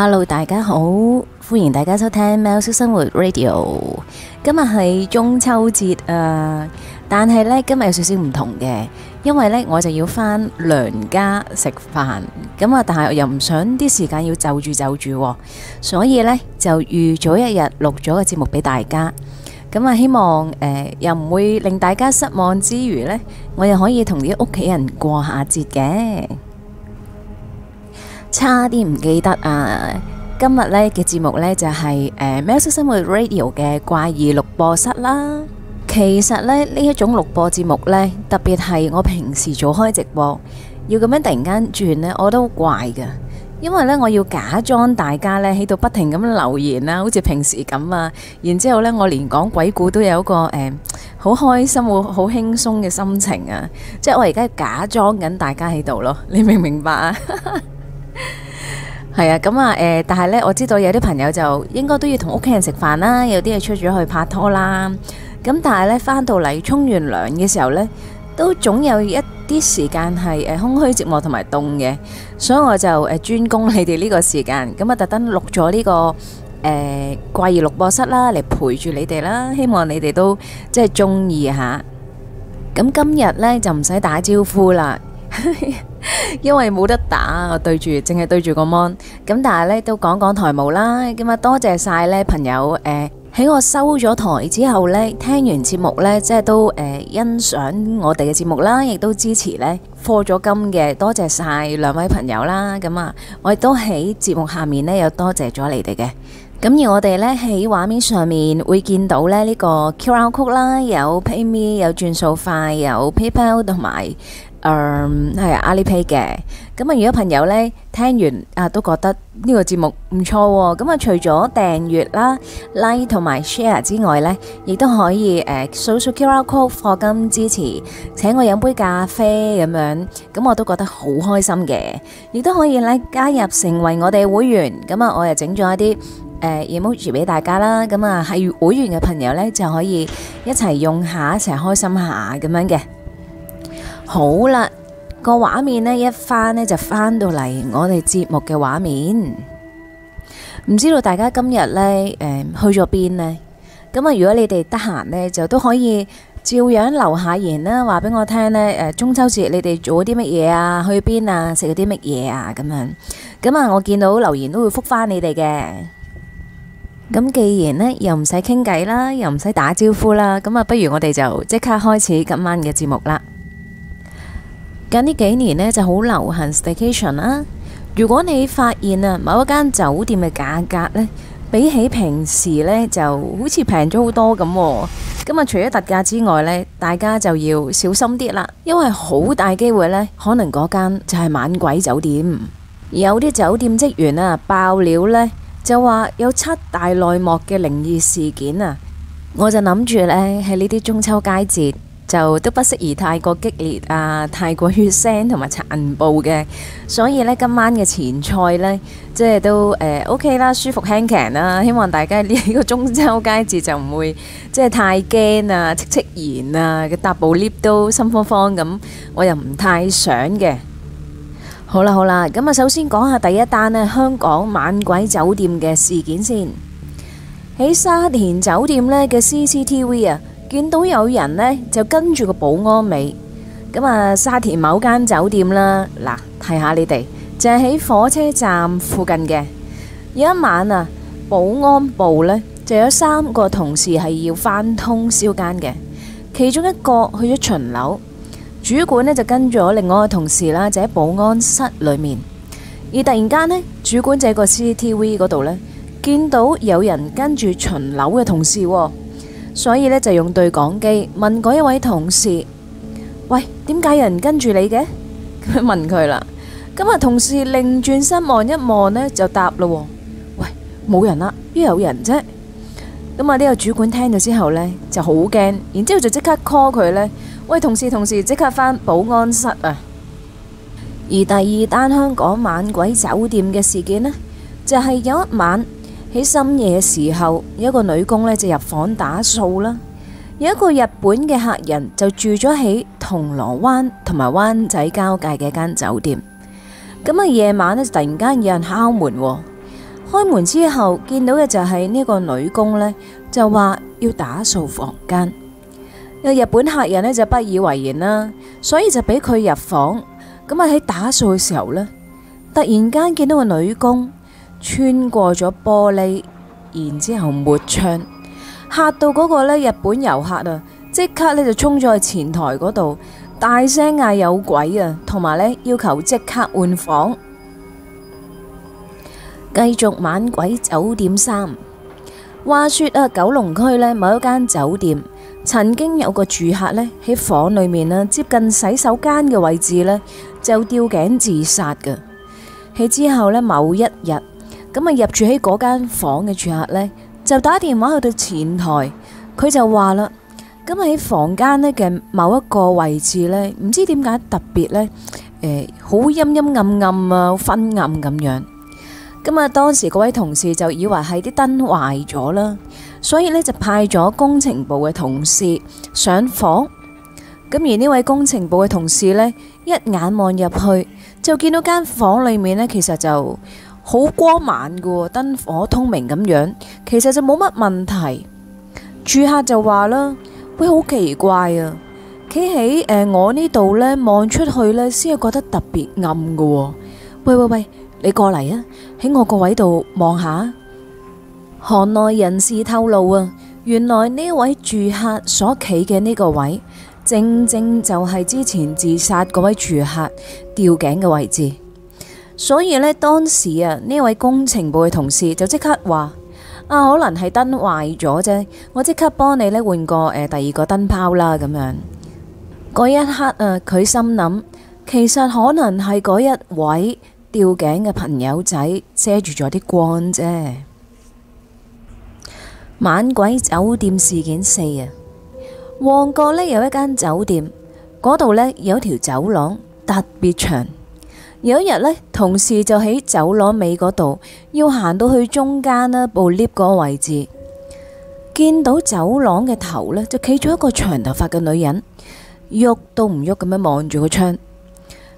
Hello，大家好，歡迎大家收聽《喵式生活 Radio》。今日係中秋節啊，呃，但係呢今日有少少唔同嘅，因為呢我就要返娘家食飯，咁啊，但係又唔想啲時間要就住就住，所以呢就預早一日錄咗個節目俾大家。咁、嗯、啊，希望誒、呃、又唔會令大家失望之餘呢，我又可以同啲屋企人過下節嘅。差啲唔記得啊！今日呢嘅節目呢、就是，就係誒，喵式生活 Radio 嘅怪異錄播室啦。其實呢，呢一種錄播節目呢，特別係我平時做開直播要咁樣突然間轉呢，我都怪嘅，因為呢，我要假裝大家呢喺度不停咁留言啊，好似平時咁啊。然之後呢，我連講鬼故都有一個誒好、呃、開心、好好輕鬆嘅心情啊，即係我而家假裝緊大家喺度咯，你明唔明白啊？ 係啊，咁啊，誒，但係咧，我知道有啲朋友就應該都要同屋企人食飯啦，有啲係出咗去拍拖啦，咁但係咧返到嚟沖完涼嘅時候咧，都總有一啲時間係誒空虛寂寞同埋凍嘅，所以我就誒專攻你哋呢個時間，咁啊特登錄咗呢個誒怪異錄播室啦，嚟陪住你哋啦，希望你哋都即係中意吓，咁今日咧就唔使打招呼啦。 因為冇得打，我對住淨係對住個 mon 咁，但係呢，都講講台務啦。咁啊，多謝晒呢朋友誒，喺、呃、我收咗台之後呢，聽完節目呢，即係都誒、呃、欣賞我哋嘅節目啦，亦都支持呢，課咗金嘅，多謝晒兩位朋友啦。咁啊，我亦都喺節目下面呢，又多謝咗你哋嘅。咁而我哋呢，喺畫面上面會見到咧呢、這個 QR Code 啦，有 PayMe，有轉數快，有 PayPal 同埋。嗯，係 Alipay 嘅。咁啊，如果朋友咧聽完啊，都覺得呢個節目唔錯、哦，咁、嗯、啊，除咗訂閱啦、like 同埋 share 之外咧，亦都可以誒，掃掃 QR code 課金支持，請我飲杯咖啡咁樣，咁、嗯、我都覺得好開心嘅。亦都可以咧加入成為我哋會員，咁、嗯、啊，我又整咗一啲誒、呃、emoji 俾大家啦。咁、嗯、啊，係會員嘅朋友咧就可以一齊用一下，一齊開心下咁樣嘅。好啦，個畫面呢，一翻呢，就翻到嚟我哋節目嘅畫面。唔知道大家今日呢，誒、呃、去咗邊呢？咁啊，如果你哋得閒呢，就都可以照樣留下言啦，話俾我聽呢，誒、呃，中秋節你哋做啲乜嘢啊？去邊啊？食咗啲乜嘢啊？咁樣咁啊，我見到留言都會覆翻你哋嘅。咁既然呢，又唔使傾偈啦，又唔使打招呼啦，咁啊，不如我哋就即刻開始今晚嘅節目啦。近呢幾年呢就好流行 staycation 啦。如果你發現啊，某一間酒店嘅價格呢，比起平時呢就好似平咗好多咁。咁啊，除咗特價之外呢，大家就要小心啲啦，因為好大機會呢，可能嗰間就係猛鬼酒店。有啲酒店職員啊，爆料呢，就話有七大內幕嘅靈異事件啊。我就諗住呢，喺呢啲中秋佳節。就都不適宜太過激烈啊，太過血腥同埋殘暴嘅，所以呢今晚嘅前菜呢，即係都誒 OK 啦，舒服輕騎啦。希望大家呢個中秋佳節就唔會即係太驚啊，戚戚然啊，搭部 lift 都心慌慌咁，我又唔太想嘅。好啦好啦，咁啊首先講下第一單呢，香港晚鬼酒店嘅事件先，喺沙田酒店呢嘅 CCTV 啊。見到有人呢，就跟住個保安尾。咁啊，沙田某間酒店啦，嗱，睇下你哋，就係喺火車站附近嘅。有一晚啊，保安部呢，就有三個同事係要返通宵更嘅，其中一個去咗巡樓，主管呢就跟住咗另外一個同事啦，就喺保安室裏面。而突然間呢，主管就喺個 CCTV 嗰度呢，見到有人跟住巡樓嘅同事。所以咧，就用對講機問嗰一位同事：，喂，點解有人跟住你嘅？佢問佢啦。咁啊，同事擰轉身望一望咧，就答咯：，喂，冇人啦，邊有人啫？咁啊，呢個主管聽咗之後咧，就好驚，然之後就即刻 call 佢咧：，喂，同事，同事，即刻返保安室啊！而第二單香港猛鬼酒店嘅事件咧，就係有一晚。喺深夜嘅時候，有一個女工呢就入房打掃啦。有一個日本嘅客人就住咗喺銅鑼灣同埋灣仔交界嘅一間酒店。咁、嗯、啊，夜晚呢突然間有人敲門，哦，開門之後見到嘅就係呢個女工呢，就話要打掃房間。有日本客人呢就不以為然啦，啊，所以就俾佢入房。咁、嗯、啊，喺打掃嘅時候呢，突然間見到個女工。穿過咗玻璃，然之後抹窗，嚇到嗰個日本遊客啊！即刻咧就衝咗去前台嗰度，大聲嗌有鬼啊！同埋咧要求即刻換房。繼續猛鬼酒店三話説，啊，九龍區咧某一間酒店曾經有個住客咧喺房裡面啊，接近洗手間嘅位置咧就吊頸自殺嘅。喺之後咧某一日。咁啊！入住喺嗰間房嘅住客呢，就打電話去到前台，佢就話啦，咁喺房間呢嘅某一個位置呢，唔知點解特別呢，誒，好陰陰暗暗啊，昏暗咁樣。咁啊，當時嗰位同事就以為係啲燈壞咗啦，所以呢就派咗工程部嘅同事上房。咁而呢位工程部嘅同事呢，一眼望入去就見到間房裏面呢，其實就。好光猛㗎，燈火通明咁樣，其實就冇乜問題。住客就話啦，喂，好奇怪啊！企喺誒我呢度呢，望出去呢，先係覺得特別暗㗎。喂喂喂，你過嚟啊！喺我個位度望下。行內人士透露啊，原來呢位住客所企嘅呢個位，正正就係之前自殺嗰位住客吊頸嘅位置。所以呢，當時啊，呢位工程部嘅同事就即刻話：啊，可能係燈壞咗啫，我即刻幫你呢換個、呃、第二個燈泡啦咁樣。嗰一刻啊，佢心諗，其實可能係嗰一位吊頸嘅朋友仔遮住咗啲光啫。晚鬼酒店事件四啊，旺角呢有一間酒店，嗰度呢有一條走廊特別長。有一日呢，同事就喺走廊尾嗰度，要行到去中間呢部 lift 嗰個位置，見到走廊嘅頭呢，就企咗一個長頭髮嘅女人，喐都唔喐咁樣望住個窗。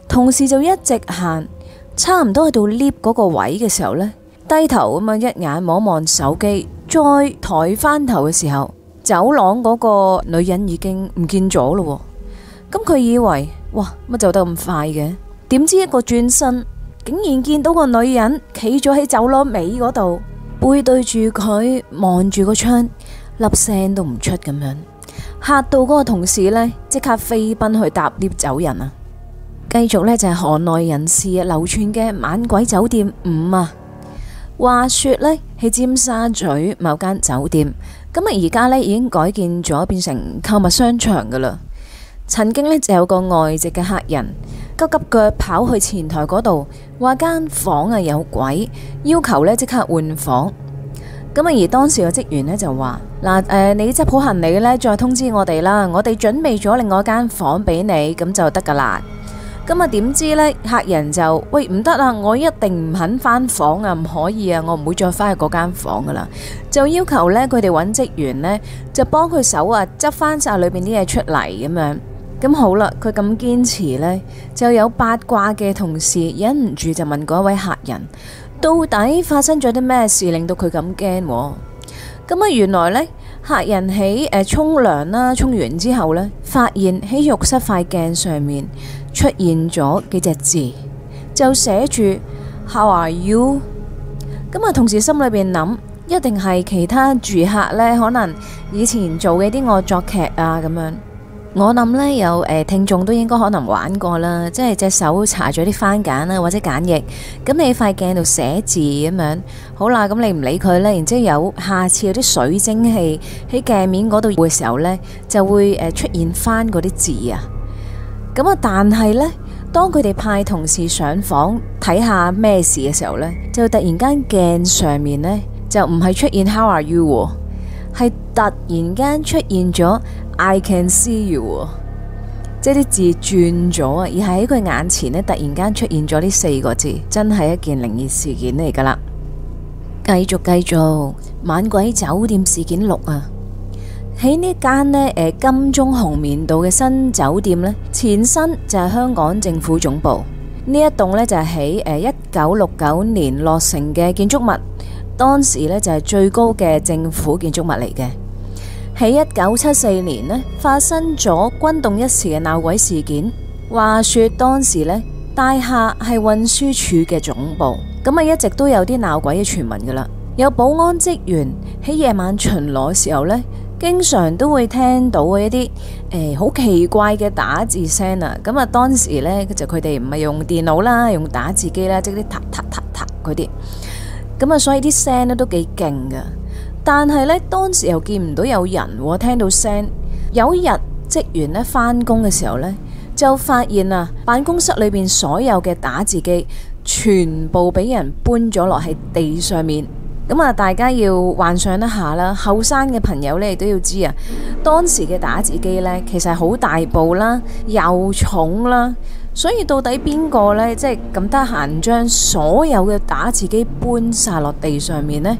同事就一直行，差唔多去到 lift 嗰個位嘅時候呢，低頭咁樣一眼望望手機，再抬翻頭嘅時候，走廊嗰個女人已經唔見咗咯，咁佢以為哇乜走得咁快嘅？點知一個轉身，竟然見到個女人企咗喺走廊尾嗰度，背對住佢望住個窗，粒聲都唔出咁樣，嚇到嗰個同事呢，即刻飛奔去搭 lift 走人啊！繼續呢，就係、是、行內人士流傳嘅猛鬼酒店五啊。話說呢，喺尖沙咀某間酒店，咁啊而家呢已經改建咗變成購物商場噶啦。曾經呢，就有個外籍嘅客人。急急腳跑去前台嗰度，話間房啊有鬼，要求呢即刻換房。咁啊，而當時嘅職員呢就話：嗱，誒，你執好行李呢再通知我哋啦，我哋準備咗另外一間房俾你，咁就得噶啦。咁啊，點知呢？客人就喂唔得喇，我一定唔肯返房啊，唔可以啊，我唔會再返去嗰間房噶啦，就要求呢，佢哋揾職員呢，就幫佢手啊執返晒裏邊啲嘢出嚟咁樣。咁好啦，佢咁堅持呢，就有八卦嘅同事忍唔住就問嗰位客人，到底發生咗啲咩事令到佢咁驚？咁啊，原來呢，客人喺誒沖涼啦，沖完之後呢，發現喺浴室塊鏡上面出現咗幾隻字，就寫住 How are you？咁啊，同事心裏邊諗，一定係其他住客呢，可能以前做嘅啲惡作劇啊咁樣。我諗咧，有誒、呃、聽眾都應該可能玩過啦，即係隻手搽咗啲番梘啦、啊，或者梘液，咁你喺塊鏡度寫字咁樣，好啦，咁你唔理佢咧，然之後有下次有啲水蒸氣喺鏡面嗰度嘅時候咧，就會誒、呃、出現翻嗰啲字啊。咁啊，但係咧，當佢哋派同事上房睇下咩事嘅時候咧，就突然間鏡上面咧就唔係出現 How are you，係、啊、突然間出現咗。I can see you，即係啲字轉咗啊！而係喺佢眼前咧，突然間出現咗呢四個字，真係一件靈異事件嚟噶啦！繼續繼續，猛鬼酒店事件六啊！喺呢間咧，誒金鐘紅棉道嘅新酒店咧，前身就係香港政府總部呢一棟咧，就係喺誒一九六九年落成嘅建築物，當時咧就係最高嘅政府建築物嚟嘅。喺一九七四年呢，發生咗轟動一時嘅鬧鬼事件。話說當時呢，大廈係運輸署嘅總部，咁啊一直都有啲鬧鬼嘅傳聞噶啦。有保安職員喺夜晚巡邏時候呢，經常都會聽到一啲誒好奇怪嘅打字聲啊。咁啊，當時呢，就佢哋唔係用電腦啦，用打字機啦，即係啲嗒嗒嗒嗒嗰啲。咁啊，所以啲聲呢都幾勁噶。但係咧，當時又見唔到有人聽到聲。有一日職員咧，返工嘅時候呢，就發現啊，辦公室裏邊所有嘅打字機全部俾人搬咗落喺地上面。咁、嗯、啊，大家要幻想一下啦。後生嘅朋友咧亦都要知啊，當時嘅打字機呢，其實好大部啦，又重啦。所以到底邊個呢？即係咁得閒將所有嘅打字機搬晒落地上面呢？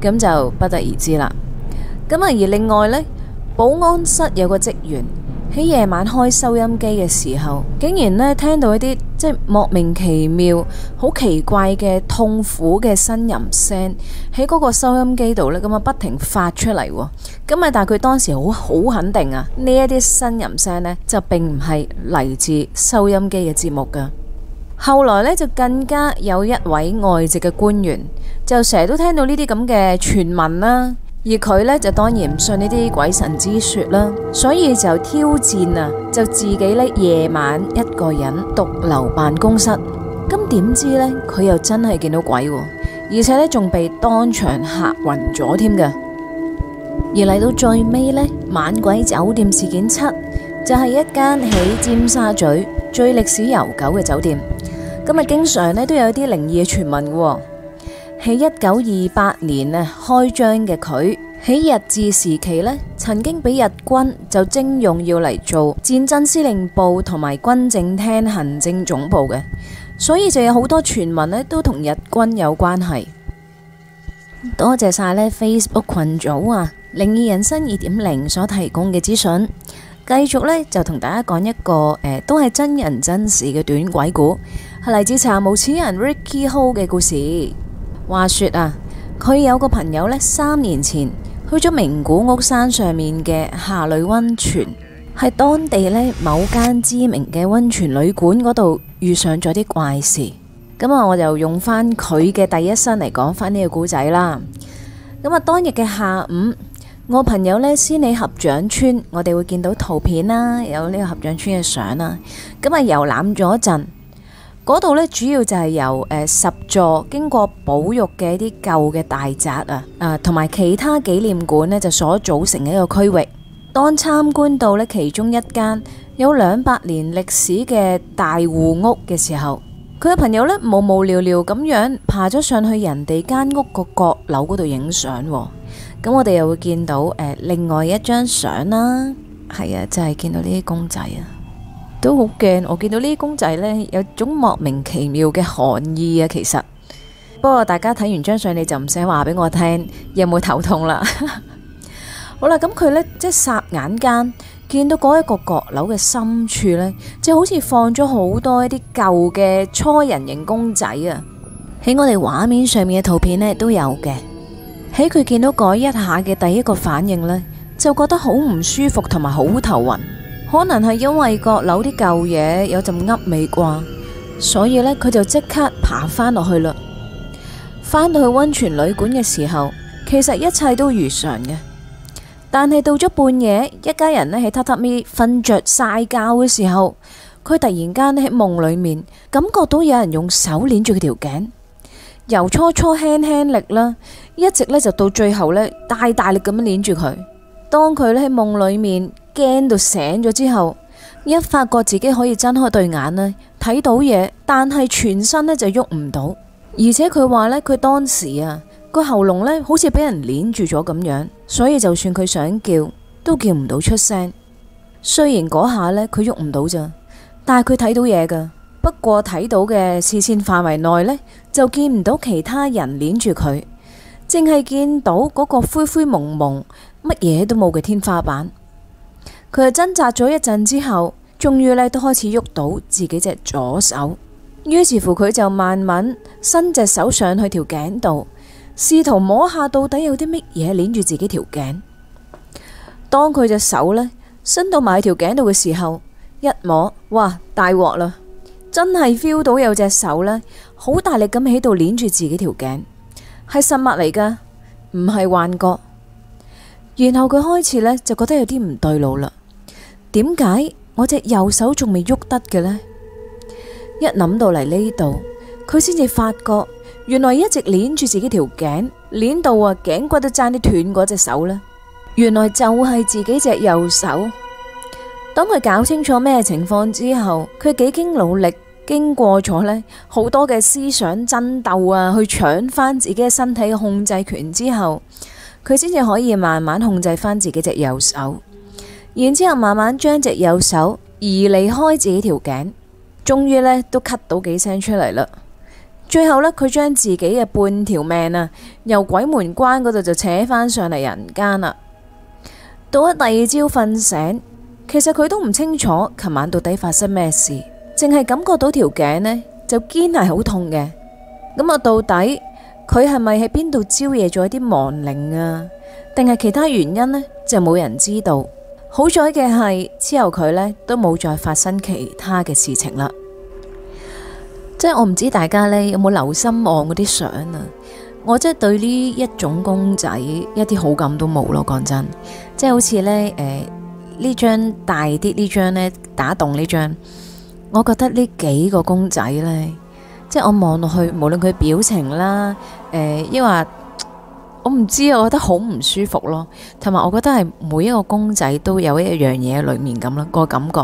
咁就不得而知啦。咁啊，而另外呢，保安室有個職員喺夜晚開收音機嘅時候，竟然呢，聽到一啲。即係莫名其妙、好奇怪嘅痛苦嘅呻吟聲喺嗰個收音機度咧，咁啊不停發出嚟，咁啊但係佢當時好好肯定啊，呢一啲呻吟聲咧就並唔係嚟自收音機嘅節目噶。後來咧就更加有一位外籍嘅官員就成日都聽到呢啲咁嘅傳聞啦。而佢呢，就當然唔信呢啲鬼神之說啦，所以就挑戰啊，就自己呢夜晚一個人獨留辦公室。咁點知呢，佢又真係見到鬼喎，而且呢仲被當場嚇暈咗添㗎。而嚟到最尾呢，晚鬼酒店事件七就係一間喺尖沙咀最歷史悠久嘅酒店，今日經常呢，都有一啲靈異嘅傳聞嘅。喺一九二八年咧開張嘅，佢喺日治時期咧，曾經俾日軍就徵用，要嚟做戰爭司令部同埋軍政廳行政總部嘅，所以就有好多傳聞咧都同日軍有關係。多謝晒咧 Facebook 群組啊，靈異人生二點零所提供嘅資訊，繼續呢，就同大家講一個誒、呃，都係真人真事嘅短鬼故，係嚟自茶無此人 Ricky Ho 嘅故事。話說啊，佢有個朋友呢，三年前去咗名古屋山上面嘅下呂溫泉，喺當地呢某間知名嘅溫泉旅館嗰度遇上咗啲怪事。咁啊，我就用翻佢嘅第一身嚟講翻呢個故仔啦。咁啊，當日嘅下午，我朋友呢，先嚟合掌村，我哋會見到圖片啦，有呢個合掌村嘅相啦。咁啊，遊覽咗一陣。嗰度咧，主要就係由誒、呃、十座經過保育嘅一啲舊嘅大宅啊，同、呃、埋其他紀念館咧，就所組成嘅一個區域。當參觀到咧其中一間有兩百年歷史嘅大戶屋嘅時候，佢嘅朋友咧，無無聊聊咁樣爬咗上去人哋間屋個閣樓嗰度影相喎。咁我哋又會見到誒、呃、另外一張相啦，係啊，就係、是、見到呢啲公仔啊。都好驚，我見到呢啲公仔呢，有種莫名其妙嘅寒意啊！其實，不過大家睇完張相，你就唔使話俾我聽有冇頭痛啦。 好啦，咁佢呢，即係霎眼間見到嗰一個閣樓嘅深處呢，就好似放咗好多一啲舊嘅初人形公仔啊！喺我哋畫面上面嘅圖片呢，都有嘅。喺佢見到嗰一下嘅第一個反應呢，就覺得好唔舒服同埋好頭暈。可能係因為閣樓啲舊嘢有陣噏味啩，所以呢，佢就即刻爬返落去嘞。返到去温泉旅館嘅時候，其實一切都如常嘅。但係到咗半夜，一家人呢喺榻榻米瞓着晒覺嘅時候，佢突然間喺夢裏面感覺到有人用手捏住佢條頸，由初初輕輕力啦，一直呢就到最後呢，大大力咁樣捏住佢。當佢呢喺夢裏面。驚到醒咗之後，一發覺自己可以睜開對眼呢，睇到嘢，但係全身呢就喐唔到。而且佢話呢，佢當時啊個喉嚨呢好似俾人攣住咗咁樣，所以就算佢想叫都叫唔到出聲。雖然嗰下呢，佢喐唔到咋，但係佢睇到嘢噶。不過睇到嘅視線範圍內呢，就見唔到其他人攣住佢，淨係見到嗰個灰灰蒙蒙乜嘢都冇嘅天花板。佢又掙扎咗一陣之後，終於咧都開始喐到自己隻左手。於是乎，佢就慢慢伸隻手上去條頸度，試圖摸下到底有啲乜嘢捻住自己條頸。當佢隻手咧伸到埋條頸度嘅時候，一摸，哇！大鑊啦，真係 feel 到有隻手咧好大力咁喺度捻住自己條頸，係實物嚟噶，唔係幻覺。然後佢開始呢，就覺得有啲唔對路啦。點解我隻右手仲未喐得嘅呢？一諗到嚟呢度，佢先至發覺原來一直捻住自己條頸捻到啊，頸骨都爭啲斷嗰隻手。呢原來就係自己隻右手。等佢搞清楚咩情況之後，佢幾經努力，經過咗呢好多嘅思想爭鬥啊，去搶翻自己嘅身體嘅控制權之後，佢先至可以慢慢控制翻自己隻右手。然之後，慢慢將隻右手移離開自己條頸，終於呢都咳到幾聲出嚟嘞。最後呢，佢將自己嘅半條命啊，由鬼門關嗰度就扯返上嚟人間啦。到咗第二朝瞓醒，其實佢都唔清楚琴晚到底發生咩事，淨係感覺到條頸呢就堅係好痛嘅。咁啊，到底佢係咪喺邊度招惹咗啲亡靈啊，定係其他原因呢？就冇人知道。好彩嘅係之後佢呢都冇再發生其他嘅事情啦。即係我唔知大家呢有冇留心望嗰啲相啊？我真係對呢一種公仔一啲好感都冇咯，講真。即係好似呢，誒、呃、呢張大啲呢張呢打動呢張，我覺得呢幾個公仔呢，即係我望落去，無論佢表情啦，誒、呃，抑或。我唔知啊，我覺得好唔舒服咯，同埋我覺得係每一個公仔都有一樣嘢裏面咁咯，個感覺。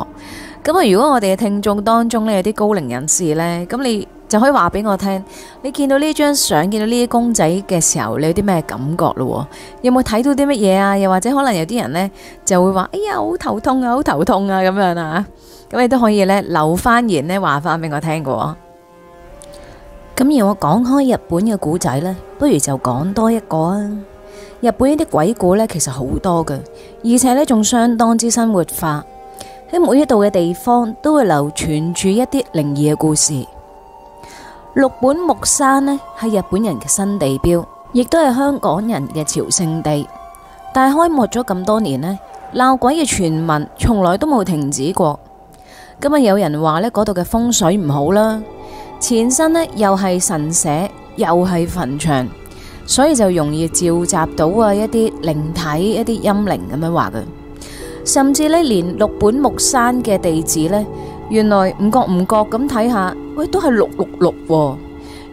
咁啊，如果我哋嘅聽眾當中呢，有啲高靈人士呢，咁你就可以話俾我聽，你見到呢張相，見到呢啲公仔嘅時候，你有啲咩感覺咯？有冇睇到啲乜嘢啊？又或者可能有啲人呢，就會話，哎呀，好頭痛啊，好頭痛啊，咁樣啊，咁你都可以呢，留翻言呢，話翻俾我聽個。咁而我講開日本嘅古仔呢，不如就講多一個啊！日本呢啲鬼故呢，其實好多嘅，而且呢仲相當之生活化，喺每一度嘅地方都會流傳住一啲靈異嘅故事。六本木山呢，係日本人嘅新地標，亦都係香港人嘅朝聖地。但係開幕咗咁多年呢，鬧鬼嘅傳聞從來都冇停止過。咁咪有人話呢嗰度嘅風水唔好啦。前身咧又係神社，又係墳場，所以就容易召集到啊一啲靈體、一啲陰靈咁樣話嘅。甚至呢連六本木山嘅地址咧，原來唔覺唔覺咁睇下，喂、哎、都係六六六，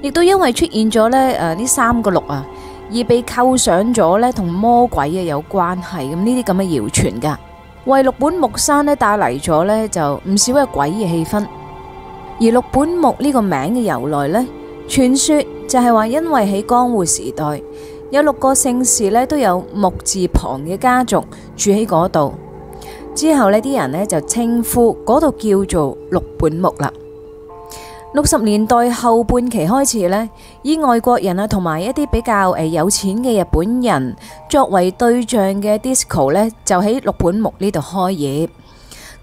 亦都因為出現咗咧誒呢三個六啊，而被扣上咗咧同魔鬼啊有關係咁呢啲咁嘅謠傳㗎，為六本木山咧帶嚟咗咧就唔少嘅鬼嘅氣氛。而六本木呢個名嘅由來呢，傳說就係話因為喺江戶時代，有六個姓氏呢都有木字旁嘅家族住喺嗰度，之後呢啲人呢就稱呼嗰度叫做六本木啦。六十年代後半期開始呢，以外國人啊同埋一啲比較誒有錢嘅日本人作為對象嘅 disco 呢，就喺六本木呢度開業。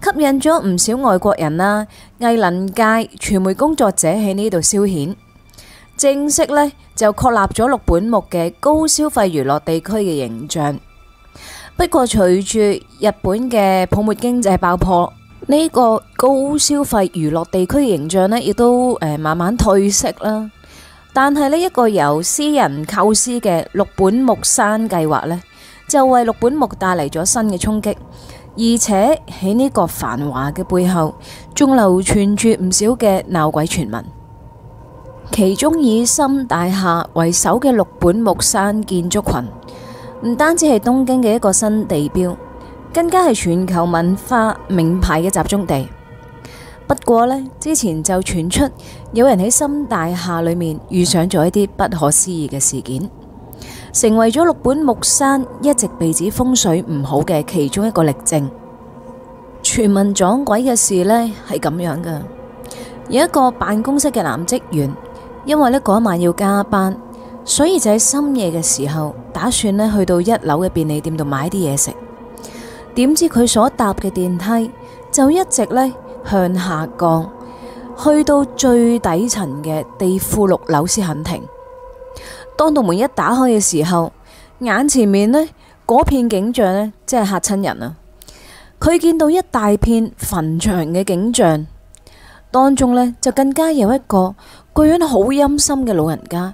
吸引咗唔少外國人啦、藝能界、傳媒工作者喺呢度消遣，正式呢就確立咗六本木嘅高消費娛樂地區嘅形象。不過，隨住日本嘅泡沫經濟爆破，呢、呢個高消費娛樂地區形象呢亦都誒慢慢退色啦。但係呢一個由私人構思嘅六本木山計劃呢，就為六本木帶嚟咗新嘅衝擊。而且喺呢個繁華嘅背後，仲流傳住唔少嘅鬧鬼傳聞。其中以森大廈為首嘅六本木山建築群，唔單止係東京嘅一個新地標，更加係全球文化名牌嘅集中地。不過呢，之前就傳出有人喺森大廈裏面遇上咗一啲不可思議嘅事件。成為咗六本木山一直被指風水唔好嘅其中一個例證。傳聞撞鬼嘅事呢係咁樣㗎，有一個辦公室嘅男職員，因為呢嗰晚要加班，所以就喺深夜嘅時候，打算呢去到一樓嘅便利店度買啲嘢食。點知佢所搭嘅電梯就一直呢向下降，去到最底層嘅地庫六樓先肯停。當道門一打開嘅時候，眼前面呢，嗰片景象呢，真係嚇親人啊！佢見到一大片墳場嘅景象，當中呢，就更加有一個個樣好陰森嘅老人家。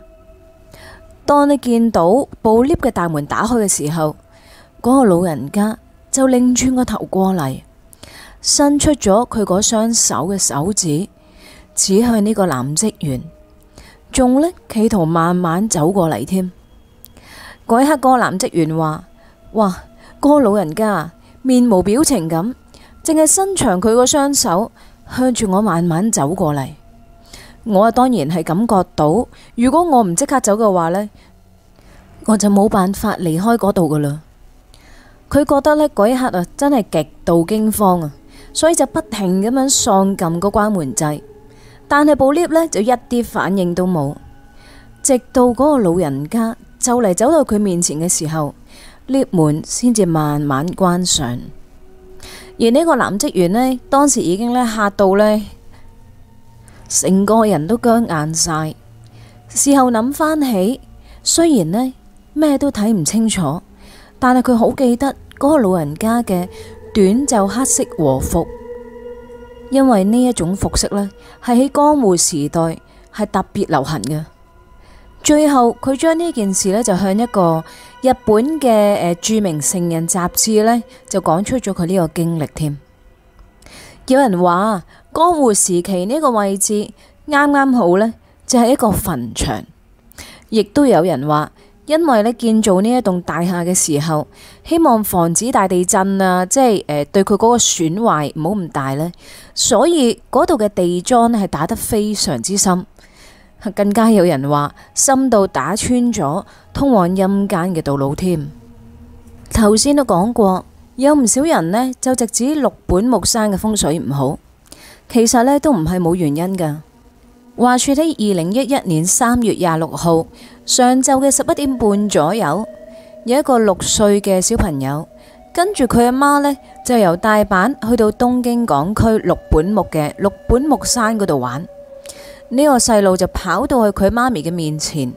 當你見到部 lift 嘅大門打開嘅時候，嗰、那個老人家就擰轉個頭過嚟，伸出咗佢嗰雙手嘅手指，指向呢個男職員。仲呢，企圖慢慢走過嚟添。嗰一刻，個男職員話：哇，個老人家面無表情咁，淨係伸長佢個雙手向住我慢慢走過嚟。我啊，當然係感覺到，如果我唔即刻走嘅話呢，我就冇辦法離開嗰度噶啦。佢覺得呢嗰一刻啊，真係極度驚慌啊，所以就不停咁樣喪撳個關門掣。但係部升降機呢就一啲反應都冇，直到嗰個老人家就嚟走到佢面前嘅時候，升降機門先至慢慢關上。而呢個男職員呢，當時已經呢嚇到呢，成個人都僵硬晒。事後諗翻起，雖然呢咩都睇唔清楚，但係佢好記得嗰個老人家嘅短袖黑色和服。因為呢一種服飾呢，係喺江戶時代係特別流行嘅。最後佢將呢件事呢，就向一個日本嘅誒著名成人雜誌呢，就講出咗佢呢個經歷添。有人話江戶時期呢個位置啱啱好呢，就係一個墳場，亦都有人話。因為咧建造呢一棟大廈嘅時候，希望防止大地震啊，即係誒對佢嗰個損壞唔好咁大呢。所以嗰度嘅地樁咧係打得非常之深，更加有人話深到打穿咗通往陰間嘅道路添。頭先都講過，有唔少人呢就直指六本木山嘅風水唔好，其實呢都唔係冇原因噶。話說喺二零一一年三月廿六號，上晝嘅十一點半左右，有一個六歲嘅小朋友跟住佢阿媽呢，就由大阪去到東京港區六本木嘅六本木山嗰度玩。呢個細路就跑到去佢媽咪嘅面前，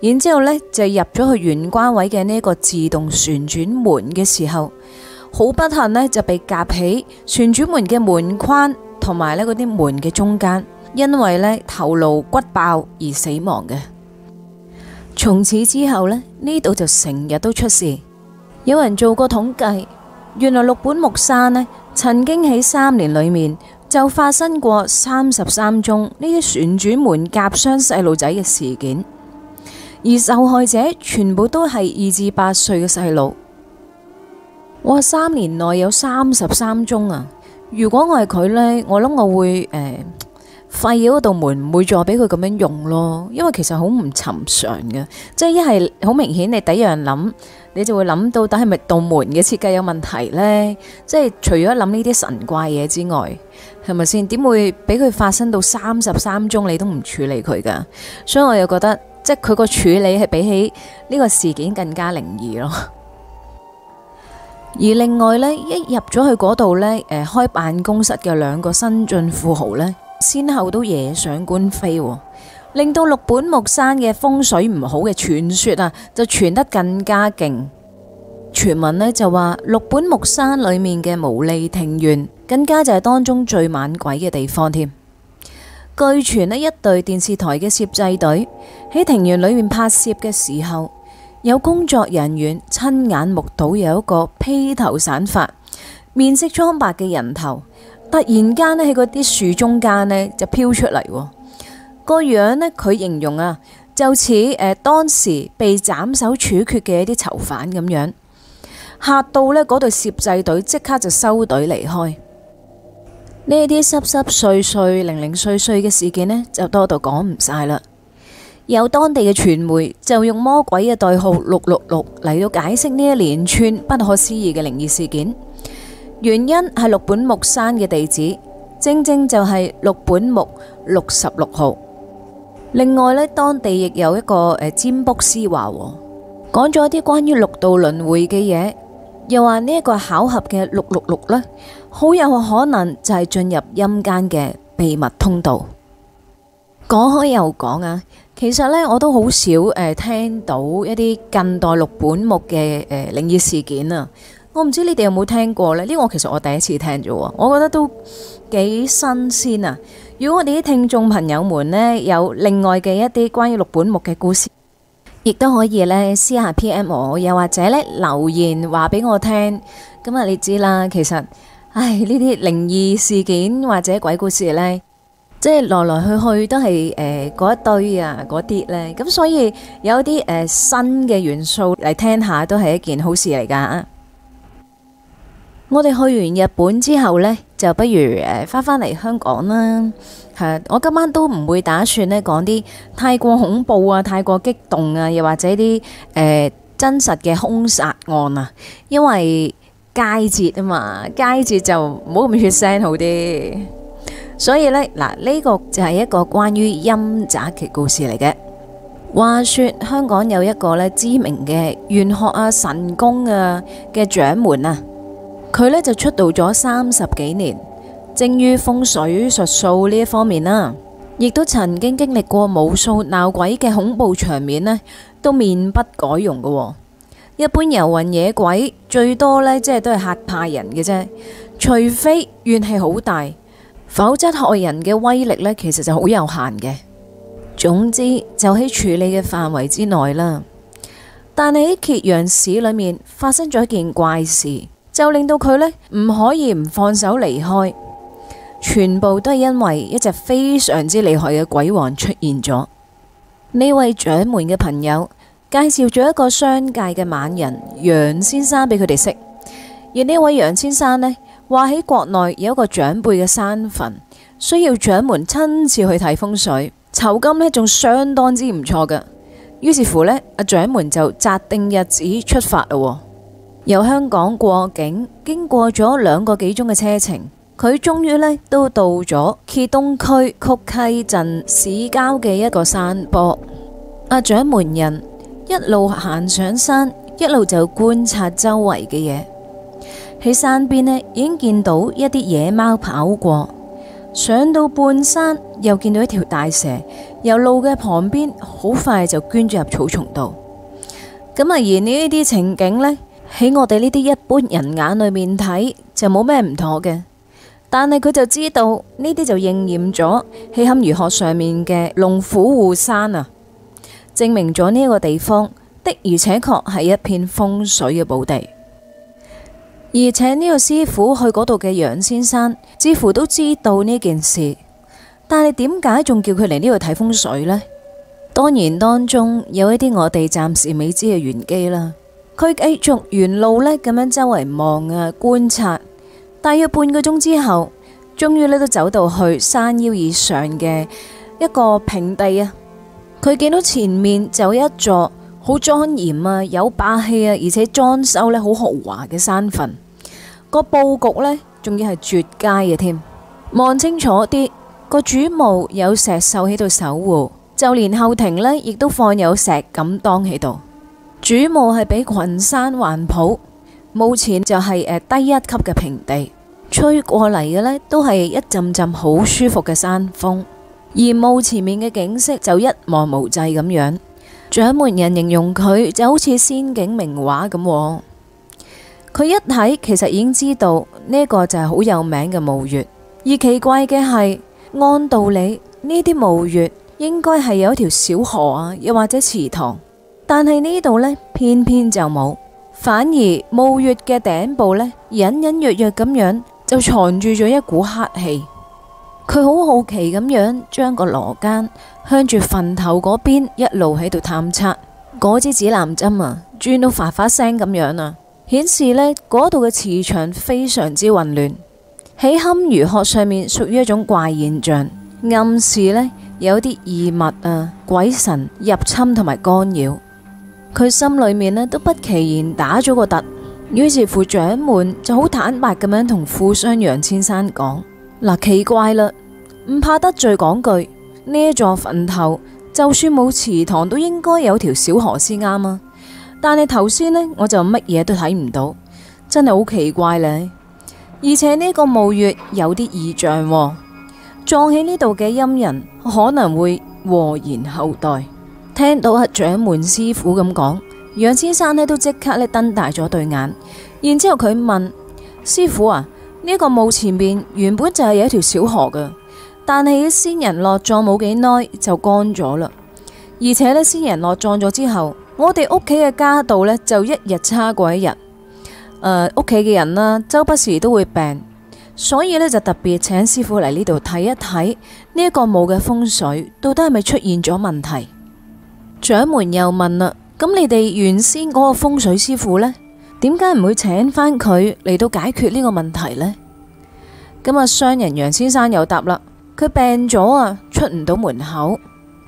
然之後咧就入咗去玄關位嘅呢一個自動旋轉門嘅時候，好不幸呢，就被夾起旋轉門嘅門框同埋呢嗰啲門嘅中間，因為呢頭顱骨爆而死亡嘅。從此之後呢，呢度就成日都出事。有人做過統計，原來六本木山咧，曾經喺三年裏面就發生過三十三宗呢啲旋轉門夾傷細路仔嘅事件，而受害者全部都係二至八歲嘅細路。哇！三年內有三十三宗啊！如果我係佢呢，我諗我會誒。呃廢咗嗰道門唔會再俾佢咁樣用咯，因為其實好唔尋常嘅，即係一係好明顯，你第一樣諗，你就會諗到底係咪道門嘅設計有問題呢？即係除咗諗呢啲神怪嘢之外，係咪先點會俾佢發生到三十三宗？你都唔處理佢噶，所以我又覺得即係佢個處理係比起呢個事件更加靈異咯。而另外呢，一入咗去嗰度呢，誒、呃、開辦公室嘅兩個新晉富豪呢。先後都惹上官非，令到六本木山嘅風水唔好嘅傳說啊，就傳得更加勁。傳聞呢就話六本木山裏面嘅毛利庭園更加就係當中最猛鬼嘅地方添。據傳呢，一隊電視台嘅攝製隊喺庭園裏面拍攝嘅時候，有工作人員親眼目睹有一個披頭散髮、面色蒼白嘅人頭。突然間咧，喺嗰啲樹中間呢，就飄出嚟，個樣呢，佢形容啊，就似誒當時被斬首處決嘅一啲囚犯咁樣，嚇到呢嗰隊攝製隊即刻就收隊離開。呢啲濕濕碎碎、零零碎碎嘅事件呢，就多到講唔晒啦。有當地嘅傳媒就用魔鬼嘅代號六六六嚟到解釋呢一連串不可思議嘅靈異事件。原因係六本木山嘅地址，正正就係六本木六十六號。另外呢，當地亦有一個誒占卜師話，講咗一啲關於六道輪回嘅嘢，又話呢一個巧合嘅六六六呢，好有可能就係進入陰間嘅秘密通道。講開又講啊，其實呢我都好少誒聽到一啲近代六本木嘅誒靈異事件啊。我唔知你哋有冇聽過呢？呢個其實我第一次聽啫喎，我覺得都幾新鮮啊！如果我哋啲聽眾朋友們呢有另外嘅一啲關於六本木嘅故事，亦都可以呢私下 PM 我，又或者呢留言話俾我聽。咁啊，你知啦，其實唉呢啲靈異事件或者鬼故事呢，即係來來去去都係誒嗰一堆啊嗰啲呢。咁所以有啲誒新嘅元素嚟聽下，都係一件好事嚟噶。我哋去完日本之後呢，就不如誒，翻返嚟香港啦。我今晚都唔會打算呢講啲太過恐怖啊、太過激動啊，又或者啲誒、呃、真實嘅凶殺案啊，因為佳節啊嘛，佳節就冇咁血腥好啲。所以呢，嗱，呢、呢個就係一個關於陰宅嘅故事嚟嘅。話說香港有一個呢知名嘅玄學啊、神功啊嘅掌門啊。佢呢就出道咗三十幾年，正於風水術數呢一方面啦，亦都曾經經歷過無數鬧鬼嘅恐怖場面呢，都面不改容嘅喎。一般遊魂野鬼最多呢，即係都係吓怕人嘅啫，除非怨氣好大，否則害人嘅威力呢，其實就好有限嘅。總之就喺處理嘅範圍之內啦。但喺揭陽市裏面發生咗一件怪事。就令到佢呢唔可以唔放手離開，全部都係因為一隻非常之厲害嘅鬼王出現咗。呢位掌門嘅朋友介紹咗一個商界嘅猛人楊先生俾佢哋識，而呢位楊先生呢話喺國內有一個長輩嘅山墳需要掌門親自去睇風水，酬金呢仲相當之唔錯嘅。於是乎呢阿掌門就擇定日子出發嘞。由香港過境，經過咗兩個幾鐘嘅車程，佢終於呢都到咗揭東區曲溪鎮市郊嘅一個山坡。阿、啊、掌門人一路行上山，一路就觀察周圍嘅嘢。喺山邊呢已經見到一啲野貓跑過，上到半山又見到一條大蛇由路嘅旁邊好快就捐咗入草叢度。咁啊，而呢啲情景呢？喺我哋呢啲一般人眼裏面睇就冇咩唔妥嘅，但係佢就知道呢啲就應驗咗《氣堪輿學》上面嘅龍虎護山啊，證明咗呢個地方的而且確係一片風水嘅寶地。而且呢個師傅去嗰度嘅楊先生，似乎都知道呢件事，但係點解仲叫佢嚟呢度睇風水呢？當然當中有一啲我哋暫時未知嘅玄機啦。佢繼續沿路咧咁樣周圍望啊，觀察大約半個鐘之後，終於咧都走到去山腰以上嘅一個平地啊。佢見到前面就有一座好莊嚴啊、有霸氣啊，而且裝修咧好豪華嘅山墳。個布局咧仲要係絕佳嘅添。望清楚啲，個主墓有石獸喺度守護，就連後庭咧亦都放有石敢當喺度。主墓係比群山環抱，墓前就係、是啊、低一級嘅平地，吹過嚟嘅呢都係一陣陣好舒服嘅山風，而墓前面嘅景色就一望無際咁樣。掌門人形容佢就好似仙境名畫咁，佢、哦、一睇其實已經知道呢、呢個就係好有名嘅墓穴。而奇怪嘅係，按道理呢啲墓穴應該係有一條小河啊，又或者池塘。但係呢度呢，偏偏就冇，反而墓穴嘅頂部呢，隱隱約約咁樣就藏住咗一股黑氣。佢好好奇咁樣，將個羅間向住墳頭嗰邊一路喺度探測嗰支指南針啊，轉到發發聲咁樣啊，顯示呢嗰度嘅磁場非常之混亂，喺堪輿學上面屬於一種怪現象，暗示呢，有啲異物啊鬼神入侵同埋干擾。佢心裏面呢都不其然打咗個突，於是乎掌門就好坦白咁樣同富商楊千山講：嗱，奇怪啦，唔怕得罪講句，呢一座墳頭就算冇池塘都應該有條小河先啱啊！但係頭先呢我就乜嘢都睇唔到，真係好奇怪呢。而且呢個墓穴有啲異象，葬喺呢度嘅陰人可能會禍延後代。聽到掌門師傅咁講，楊先生呢都即刻咧瞪大咗對眼。然之後佢問師傅啊：呢、這個墓前面原本就係有一條小河噶，但係啲先人落葬冇幾耐就乾咗啦。而且呢，先人落葬咗之後，我哋屋企嘅家道呢就一日差過一日。屋企嘅人啦、啊，周不時都會病，所以呢，就特別請師傅嚟呢度睇一睇呢一個墓嘅風水，到底係咪出現咗問題？掌門又問啦：咁你哋原先嗰個風水師傅呢，點解唔會請返佢嚟到解決呢個問題呢？咁啊，商人楊先生又答啦：佢病咗啊，出唔到門口。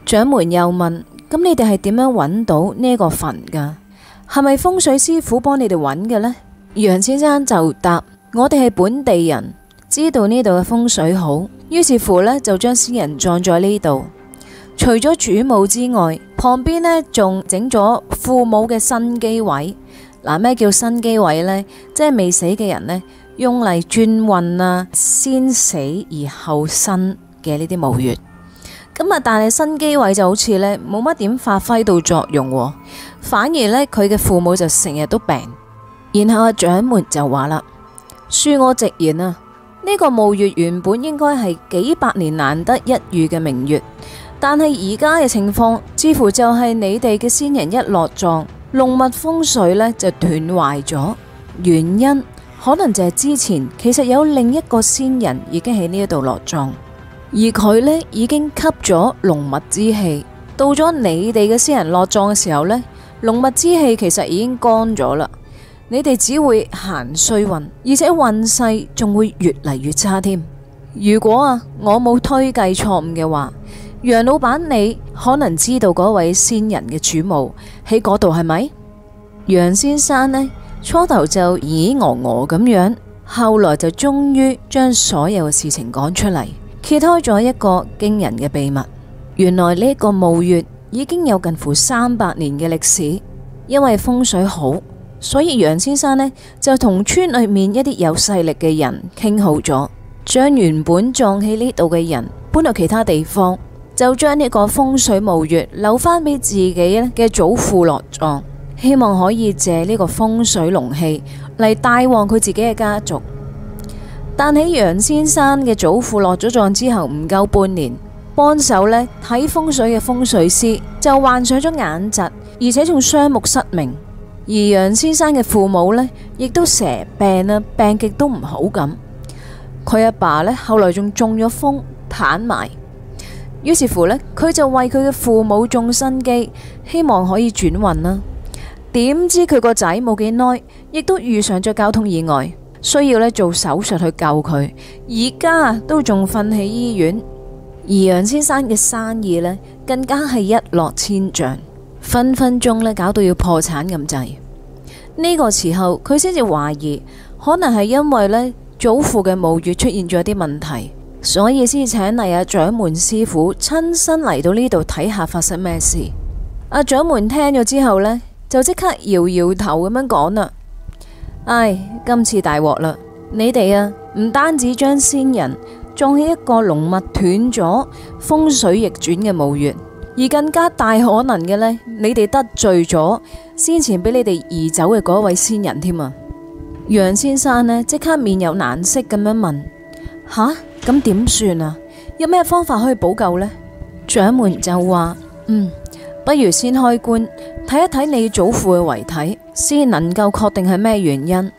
掌門又問：咁你哋係點樣揾到呢個墳噶？係咪風水師傅幫你哋揾嘅呢？楊先生就答：我哋係本地人，知道呢度嘅風水好，於是乎呢，就將先人葬在呢度。除咗主母之外，旁邊呢仲整咗父母嘅新基位嗱。咩叫新基位呢？即係未死嘅人呢，用嚟轉運啊，先死而後生嘅呢啲墓穴。咁啊。但係新基位就好似呢，冇乜點發揮到作用喎，反而呢，佢嘅父母就成日都病。然後阿掌門就話啦：恕我直言啊，呢個墓穴原本應該係幾百年難得一遇嘅名月。但係而家嘅情況，似乎就係你哋嘅先人一落葬，龍脈風水呢就斷壞咗。原因可能就係之前其實有另一個先人已經喺呢一度落葬，而佢呢已經吸咗龍脈之氣，到咗你哋嘅先人落葬嘅時候呢，龍脈之氣其實已經乾咗啦。你哋只會行衰運，而且運勢仲會越嚟越差添。如果啊，我冇推計錯誤嘅話。楊老闆，你可能知道嗰位先人嘅主墓喺嗰度係咪？楊先生呢初頭就疑疑愕愕咁樣，後來就終於將所有嘅事情講出嚟，揭開咗一個驚人嘅秘密。原來呢個墓穴已經有近乎三百年嘅歷史，因為風水好，所以楊先生呢就同村裏面一啲有勢力嘅人傾好咗，將原本葬喺呢度嘅人搬到其他地方。就將呢個風水墓穴留返俾自己咧嘅祖父落葬，希望可以借呢個風水龍氣嚟帶旺佢自己嘅家族。但喺楊先生嘅祖父落咗葬之後，唔夠半年，幫手呢睇風水嘅風水師就患上咗眼疾，而且仲雙目失明。而楊先生嘅父母呢，亦都蛇病啊，病極都唔好咁。佢阿爸，爸呢，後來仲中咗風，癱埋。於是乎呢，佢就為佢嘅父母種生基，希望可以轉運啦。點知佢個仔冇幾耐，亦都遇上咗交通意外，需要呢做手術去救佢。而家都仲瞓喺醫院，而楊先生嘅生意呢，更加係一落千丈，分分鐘呢搞到要破產咁滯。呢個時候，佢先至懷疑，可能係因為呢祖父嘅墓穴出現咗啲問題。所以先請嚟阿掌門師傅親身嚟到呢度睇下發生咩事。阿、啊、掌門聽咗之後呢，就即刻搖搖頭咁樣講啦：唉，今次大鑊啦！你哋啊，唔單止將仙人葬起一個龍脈斷咗、風水逆轉嘅墓穴，而更加大可能嘅呢，你哋得罪咗先前俾你哋移走嘅嗰位仙人添啊！楊先生呢，即刻面有難色咁樣問。吓，咁點算啊？有咩方法可以補救呢？掌門就話：嗯，不如先開棺睇一睇你祖父嘅遺體，先能夠確定係咩原因。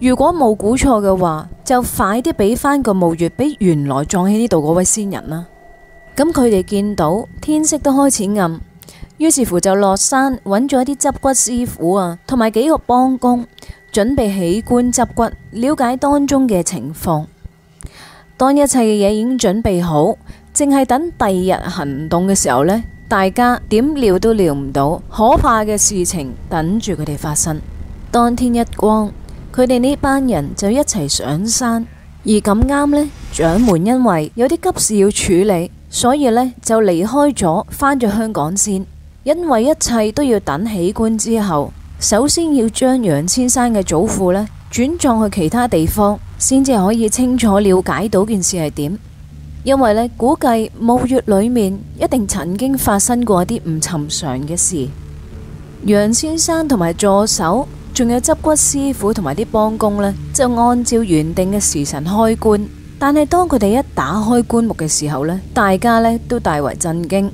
如果冇估錯嘅話，就快啲俾翻個墓穴俾原來葬喺呢度嗰位先人啦。咁佢哋見到天色都開始暗，於是乎就落山揾咗一啲執骨師傅啊，同埋幾個幫工，準備起棺執骨，了解當中嘅情況。當一切嘅嘢已經準備好，淨係等第二日行動嘅時候呢，大家點料都料唔到，可怕嘅事情等住佢哋發生。當天一光，佢哋呢班人就一齊上山，而咁啱呢，掌門因為有啲急事要處理，所以呢就離開咗，返咗香港先。因為一切都要等起棺之後，首先要將楊千山嘅祖父呢轉葬去其他地方。先至可以清楚了解到件事係點，因為呢，估計墓穴裏面一定曾經發生過一啲唔尋常嘅事。楊先生同埋助手，仲有執骨師傅同埋啲幫工呢，就按照原定嘅時辰開棺。但係當佢哋一打開棺木嘅時候呢，大家呢都大為震驚。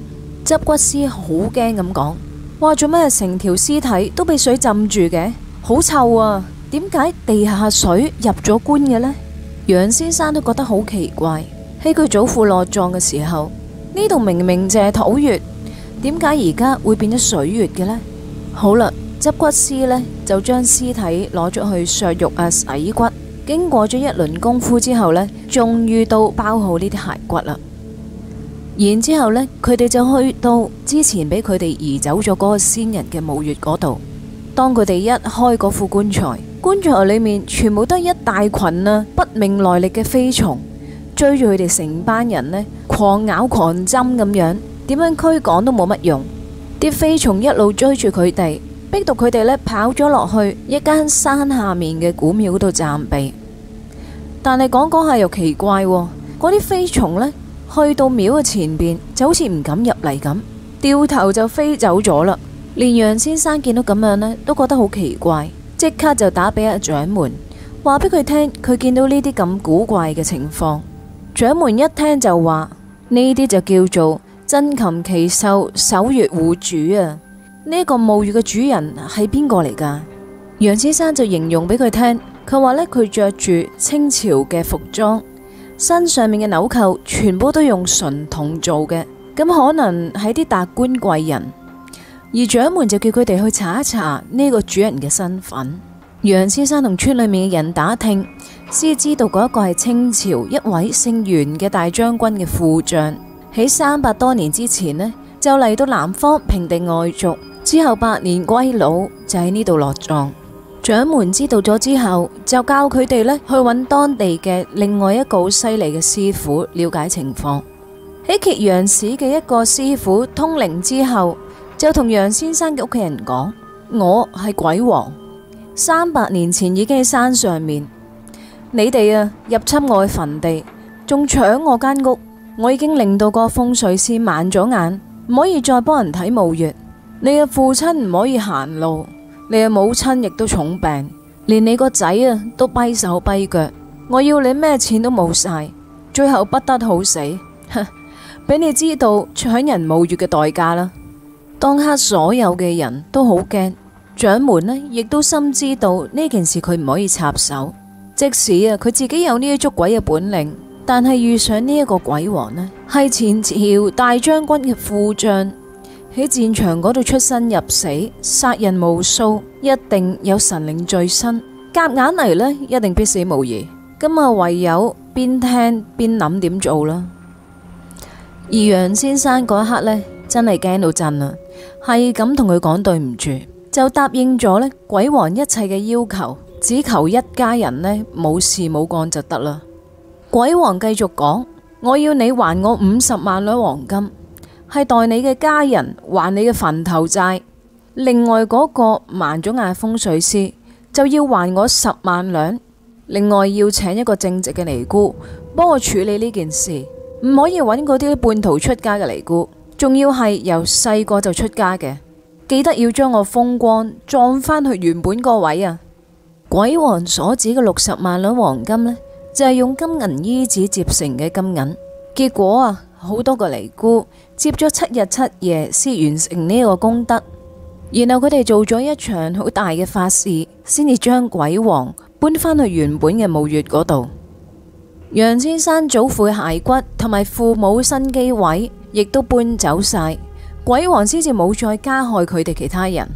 執骨師好驚咁講：哇，做咩成條屍體都被水浸住嘅，好臭啊！點解地下水入咗棺嘅呢？楊先生都覺得好奇怪。喺佢祖父落葬嘅時候，呢度明明就係土穴，點解而家會變咗水穴嘅呢？好啦，執骨師呢就將屍體攞咗去削肉啊洗骨，經過咗一輪功夫之後呢，終於都包好呢啲骸骨啦。然之後呢，佢哋就去到之前俾佢哋移走咗嗰個先人嘅墓穴嗰度。當佢哋一開嗰副棺材。棺材裏面全部得一大群啦、啊，不明來歷嘅飛蟲追住佢哋，成班人呢狂咬狂針咁樣，點樣驅趕都冇乜用。啲飛蟲一路追住佢哋，逼到佢哋呢跑咗落去一間山下面嘅古廟度暫避。但係講講下又奇怪、哦，嗰啲飛蟲呢去到廟嘅前邊就好似唔敢入嚟咁，掉頭就飛走咗啦。連楊先生見到咁樣呢，都覺得好奇怪。即刻就打俾阿掌門，話俾佢聽，佢見到呢啲咁古怪嘅情況。掌門一聽就話：呢啲就叫做珍禽奇獸守月護主啊！呢、這個墓穴嘅主人係邊個嚟噶？楊先生就形容俾佢聽，佢話呢，佢着住清朝嘅服裝，身上面嘅紐扣全部都用純銅做嘅，咁可能係啲達官貴人。而掌門就叫佢哋去查一查呢個主人嘅身份。楊先生同村裏面嘅人打聽，先知道嗰一個係清朝一位姓袁嘅大將軍嘅副將，喺三百多年之前呢就嚟到南方平定外族，之後百年歸老就喺呢度落葬。掌門知道咗之後，就教佢哋呢去揾當地嘅另外一個好犀利嘅師傅了解情況。喺揭陽市嘅一個師傅通靈之後。就同楊先生嘅屋企人講：我係鬼王，三百年前已經喺山上面。你哋啊，入侵我嘅墳地，仲搶我間屋，我已經令到個風水師盲咗眼，唔可以再幫人睇墓穴。你嘅父親唔可以行路，你嘅母親亦都重病，連你個仔啊都跛手跛腳。我要你咩錢都冇晒，最後不得好死。哼，俾你知道搶人墓穴嘅代價啦！當刻所有嘅人都好驚，掌門呢亦都深知道呢件事佢唔可以插手，即使啊佢自己有呢一捉鬼嘅本領，但係遇上呢一個鬼王呢，係前朝大將軍嘅副將，喺戰場嗰度出生入死，殺人無數，一定有神靈在身，夾硬嚟，呢一定必死無疑。咁啊唯有邊聽邊諗點做啦。而楊先生嗰一刻呢，真係驚到震啊！係咁同佢講對唔住，就答應咗咧鬼王一切嘅要求，只求一家人呢冇事冇干就得啦。鬼王繼續講：我要你還我五十萬兩黃金，係代你嘅家人還你嘅墳頭債。另外嗰個盲咗眼風水師就要還我十萬兩，另外要請一個正直嘅尼姑幫我處理呢件事，唔可以揾嗰啲半途出家嘅尼姑。仲要係由細個就出家嘅，記得要將我風光葬返去原本個位啊！鬼王所指嘅六十萬兩黃金呢，就係用金銀衣紙折成嘅金銀。結果啊，好多個尼姑接咗七日七夜先完成呢個功德，然後佢哋做咗一場好大嘅法事，先至將鬼王搬返去原本嘅墓穴嗰度。楊先生祖父嘅骸骨同埋父母新基位，亦都搬走晒鬼王，先至冇再加害佢哋其他人。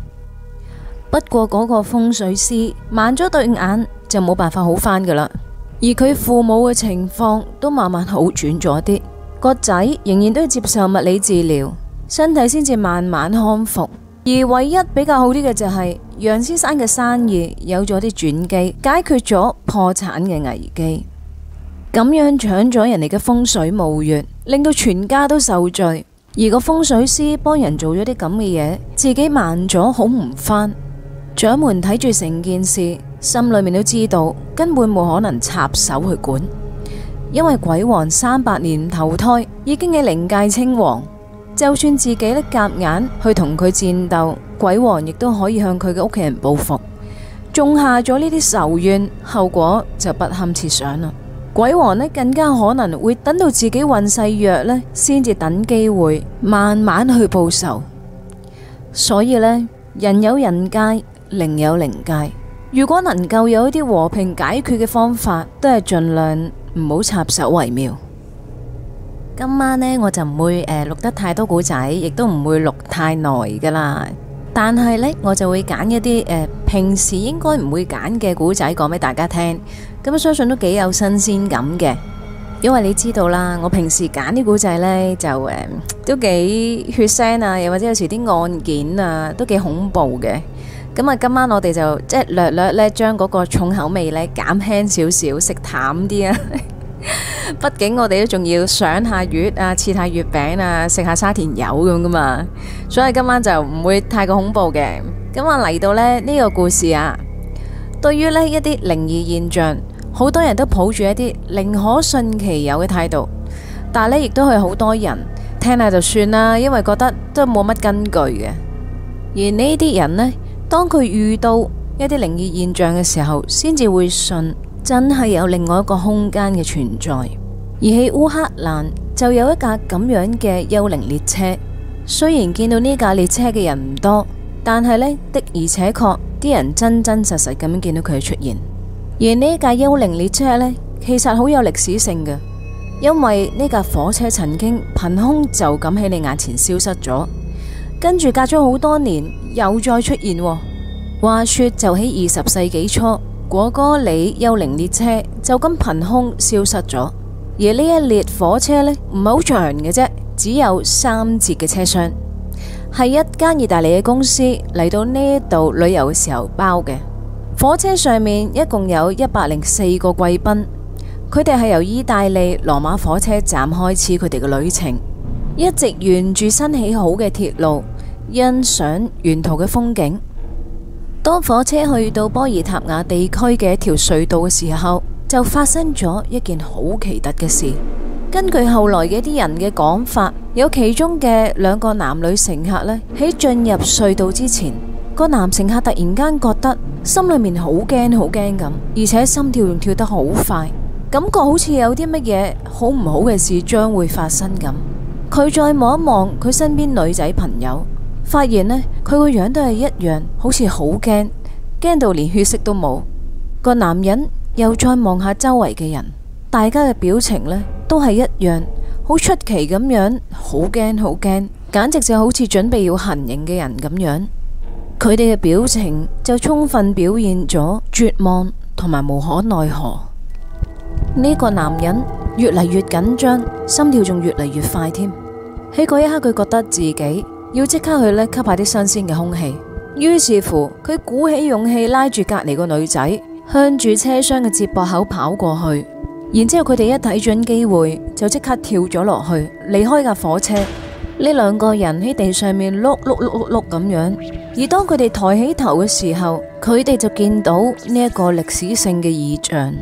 不過嗰個風水師盲咗對眼，就冇辦法好返㗎喇。而佢父母嘅情況都慢慢好轉咗啲，個仔仍然都要接受物理治療，身體先至慢慢康復。而唯一比較好啲嘅就係、是、楊先生嘅生意有咗啲轉機，解決咗破產嘅危機。咁樣搶咗人哋嘅風水墓穴。令到全家都受罪，而個風水師幫人做咗啲咁嘅嘢，自己慢咗好唔返。掌門睇住成件事，心裏面都知道根本冇可能插手去管，因為鬼王三百年投胎已經係靈界稱王，就算自己咧夾硬去同佢戰鬥，鬼王亦都可以向佢嘅屋企人報復，種下咗呢啲仇怨，後果就不堪設想啦。鬼王呢，更加可能會等到自己運勢弱呢，先至等機會，慢慢去報仇。所以呢，人有人界，靈有靈界。如果能夠有一啲和平解決嘅方法，都係盡量唔好插手為妙。今晚呢，我就唔會誒錄得太多古仔，亦都唔會錄太耐㗎喇。但係呢，我就會揀一啲誒平時應該唔會揀嘅古仔講俾大家聽。咁我相信都幾有新鮮感嘅，因為你知道啦，我平時揀啲古仔咧就誒都幾血腥啊，又或者有時啲案件啊都幾恐怖嘅。咁啊，今晚我哋就即係略略咧將嗰個重口味咧減輕少少，食淡啲啊。畢竟我哋都仲要賞下月啊，切下月餅啊，食下沙田柚咁噶嘛。所以今晚就唔會太過恐怖嘅。咁啊，嚟到咧呢個故事啊。對於呢一啲靈異現象，好多人都抱住一啲寧可信其有嘅態度，但係呢亦都係好多人聽下就算啦，因為覺得都冇乜根據嘅。而呢啲人呢，當佢遇到一啲靈異現象嘅時候，先至會信真係有另外一個空間嘅存在。而喺烏克蘭就有一架咁樣嘅幽靈列車，雖然見到呢架列車嘅人唔多。但係呢的而且確啲人真真實實咁樣見到佢出現。而呢架幽靈列車呢，其實好有歷史性嘅，因為呢架火車曾經憑空就咁喺你眼前消失咗，跟住隔咗好多年又再出現。話說就喺二十世紀初，果戈里幽靈列車就咁憑空消失咗。而呢一列火車呢，唔係好長嘅啫，只有三節嘅車廂。係一間意大利嘅公司嚟到呢度旅遊嘅時候包嘅火車上面一共有一百零四個貴賓，佢哋係由意大利羅馬火車站開始佢哋嘅旅程，一直沿住新起好嘅鐵路欣賞沿途嘅風景。當火車去到波爾塔亞地區嘅一條隧道嘅時候，就發生咗一件好奇特嘅事。根據後來嘅啲人嘅講法，有其中嘅兩個男女乘客呢，喺進入隧道之前，個男乘客突然間覺得心裏面好驚，好驚咁，而且心跳仲跳得好快，感覺好似有啲乜嘢好唔好嘅事將會發生咁。佢再望一望佢身邊女仔朋友，發現呢，佢個樣都係一樣，好似好驚，驚到連血色都冇。個男人又再望下周圍嘅人，大家嘅表情呢。都係一樣，好出奇咁樣，好驚好驚，簡直就好似準備要行刑嘅人咁樣。佢哋嘅表情就充分表現咗絕望同埋無可奈何。呢個男人越嚟越緊張，心跳仲越嚟越快添。喺嗰一刻，佢覺得自己要即刻去咧吸下啲新鮮嘅空氣。於是乎，佢鼓起勇氣拉住隔籬個女仔，向住車廂嘅接駁口跑過去。然之後佢哋一睇準機會，就即刻跳咗落去，離開架火車。呢兩個人喺地上面碌碌碌碌碌咁樣，而當佢哋抬起頭嘅時候，佢哋就見到呢一個歷史性嘅異象。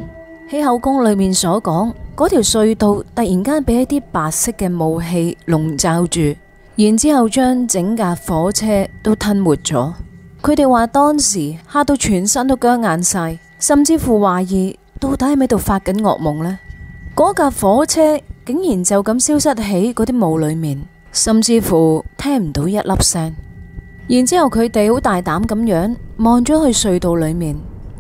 喺口供裏面所講，嗰條隧道突然間俾一啲白色嘅霧氣籠罩住，然之後將整架火車都吞沒咗。佢哋話當時嚇到全身都僵硬晒，甚至乎懷疑。到底喺咪度發緊噩夢呢？嗰架火車竟然就咁消失喺嗰啲霧裏面，甚至乎聽唔到一粒聲。然之後佢哋好大膽咁樣望咗去隧道裏面，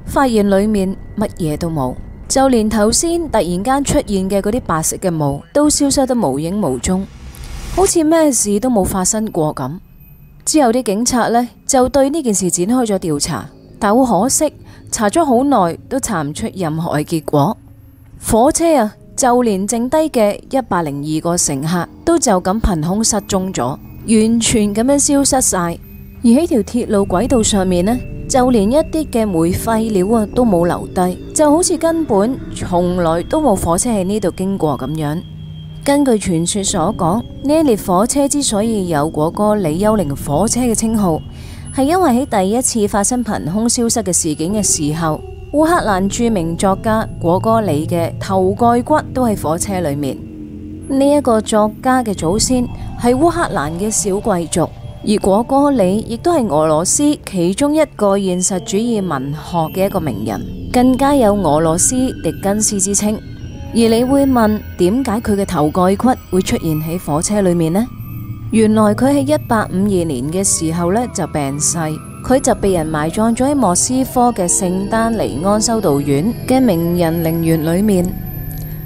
發現裏面乜嘢都冇，就連頭先突然間出現嘅嗰啲白色嘅霧都消失得無影無蹤，好似咩事都冇發生過咁。之後啲警察呢，就對呢件事展開咗調查，但好可惜。查咗好耐都查唔出任何嘅結果，火車啊，就連剩低嘅一百零二個乘客都就咁憑空失蹤咗，完全咁樣消失晒。而喺條鐵路軌道上面呢，就連一啲嘅煤廢料啊都冇留低，就好似根本從來都冇火車喺呢度經過咁樣。根據傳說所講，呢列火車之所以有嗰個李幽靈火車嘅稱號。係因為喺第一次發生憑空消失嘅事件嘅時候，烏克蘭著名作家果戈里嘅頭蓋骨都喺火車裏面。呢一個作家嘅祖先係烏克蘭嘅小貴族，而果戈里亦都係俄羅斯其中一個現實主義文學嘅一個名人，更加有俄羅斯狄更斯之稱。而你會問點解佢嘅頭蓋骨會出現喺火車裏面呢？原來佢喺一八五二年嘅時候呢，就病逝，佢就被人埋葬咗喺莫斯科嘅聖丹尼安修道院嘅名人陵園裏面。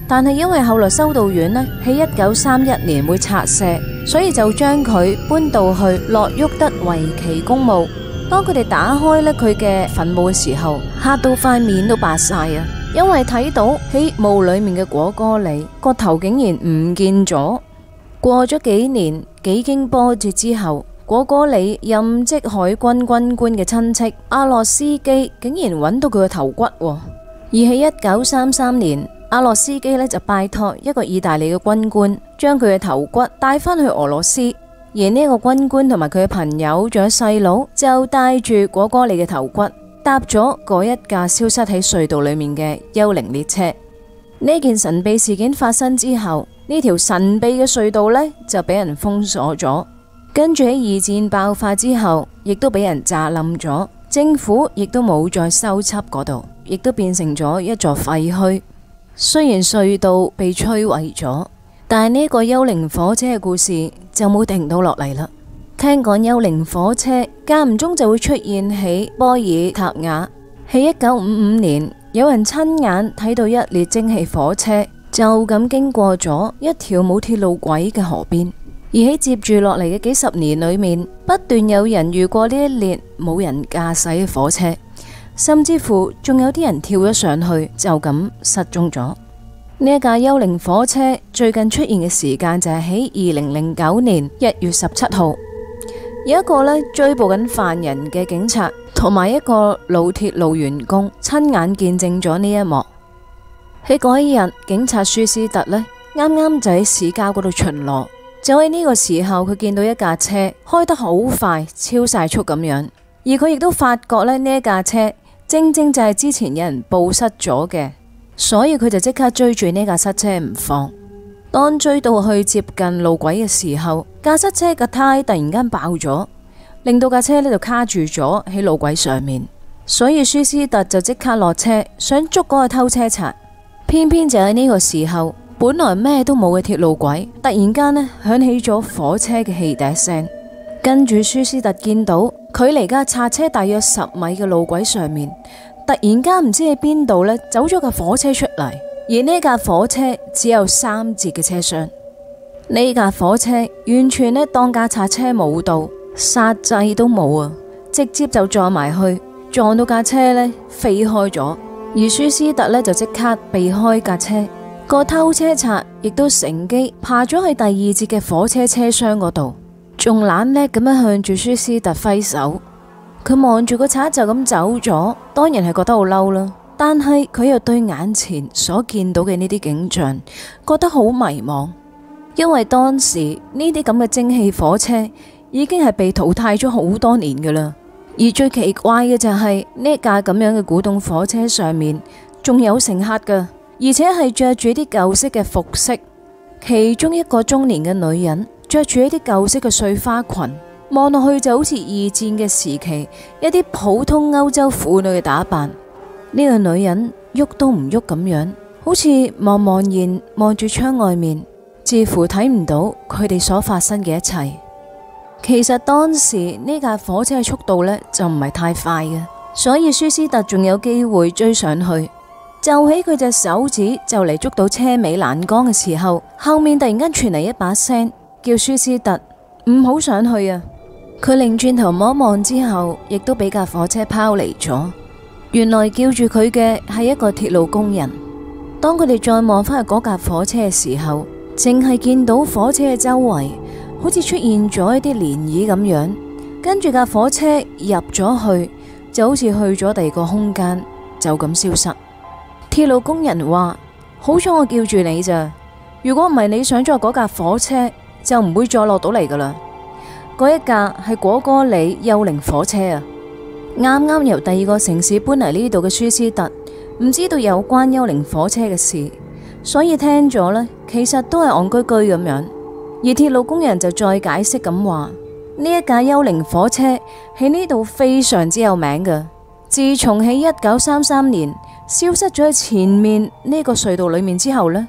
但係因為後來修道院呢，喺一九三一年會拆卸，所以就將佢搬到去洛沃德維奇公墓。當佢哋打開呢，佢嘅墳墓嘅時候，嚇到塊面都白晒啊！因為睇到喺墓裏面嘅果戈里個頭竟然唔見咗。過咗幾年。幾經波折之後，果戈里任職海軍軍官嘅親戚阿洛斯基竟然揾到佢嘅頭骨。而喺一九三三年，阿洛斯基呢就拜託一個意大利嘅軍官將佢嘅頭骨帶返去俄羅斯，而呢一個軍官同埋佢嘅朋友仲有細佬就帶住果戈里嘅頭骨搭咗嗰一架消失喺隧道裏面嘅幽靈列車。呢件神秘事件發生之後，呢條神秘嘅隧道呢就俾人封鎖咗，跟住喺二戰爆發之後，亦都俾人炸冧咗，政府亦都冇再修葺嗰度，亦都變成咗一座廢墟。雖然隧道被摧毀咗，但係呢個幽靈火車嘅故事就冇停到落嚟啦。聽講幽靈火車間唔中就會出現喺波爾塔瓦，喺一九五五年。有人親眼睇到一列蒸汽火車就咁經過咗一條冇鐵路軌嘅河邊，而喺接住落嚟嘅幾十年裏面，不斷有人遇過呢一列冇人駕駛嘅火車，甚至乎仲有啲人跳咗上去就咁失蹤咗。呢一架幽靈火車最近出現嘅時間就係喺二零零九年一月十七號，有一個呢追捕緊犯人嘅警察，同埋一個老鐵路員工親眼見證咗呢一幕。喺嗰一日，警察舒斯特呢啱啱就喺市郊嗰度巡邏，就喺呢個時候，佢見到一架車開得好快，超晒速咁樣。而佢亦都發覺呢呢一架車正正就係之前有人報失咗嘅，所以佢就即刻追住呢架失車唔放。當追到去接近路軌嘅時候，架失車嘅胎突然間爆咗。令到架車呢就卡住咗喺路軌上面，所以舒斯特就即刻落車，想捉嗰個偷車賊。偏偏就喺呢個時候，本來咩都冇嘅鐵路軌突然間呢響起咗火車嘅汽笛聲，跟住舒斯特見到距離架賊車大約十米嘅路軌上面，突然間唔知喺邊度呢走咗架火車出嚟，而呢架火車只有三節嘅車廂。呢架火車完全呢當架賊車冇到。剎掣都冇啊！直接就撞埋去，撞到架車呢，飛開咗。而舒斯特呢，就即刻避開架車，個偷車賊亦都乘機爬咗去第二節嘅火車車廂嗰度，仲懶叻咁樣向住舒斯特揮手。佢望住個賊就咁走咗，當然係覺得好嬲啦。但係佢又對眼前所見到嘅呢啲景象覺得好迷茫，因為當時呢啲咁嘅蒸汽火車。已經係被淘汰咗好多年噶啦。而最奇怪嘅就係呢架咁樣嘅古董火車上面仲有乘客噶，而且係着住啲舊式嘅服飾。其中一個中年嘅女人着住一啲舊式嘅碎花裙，望落去就好似二戰嘅時期一啲普通歐洲婦女嘅打扮。呢個女人喐都唔喐咁樣，好似茫茫然望住窗外面，似乎睇唔到佢哋所發生嘅一切。其實當時呢架火車嘅速度呢就唔係太快嘅，所以舒斯特仲有機會追上去，就喺佢隻手指就嚟捉到車尾欄杆嘅時候，後面突然間傳嚟一把聲，叫舒斯特唔好上去啊！佢擰轉頭望一望之後，亦都俾架火車拋離咗。原來叫住佢嘅係一個鐵路工人。當佢哋再望返去嗰架火車嘅時候，淨係見到火車嘅周圍。好似出現咗一啲漣漪咁樣，跟住架火車入咗去，就好似去咗第二個空間，就咁消失。鐵路工人話：好彩我叫住你咋，如果唔係你上咗嗰架火車，就唔會再落到嚟噶啦。嗰一架係果戈里幽靈火車啊，啱啱由第二個城市搬嚟呢度嘅舒斯特，唔知道有關幽靈火車嘅事，所以聽咗呢，其實都係戇居居咁樣。而鐵路工人就再解釋咁話：呢一架幽靈火車喺呢度非常之有名嘅。自從喺一九三三年消失咗喺前面呢個隧道裏面之後呢，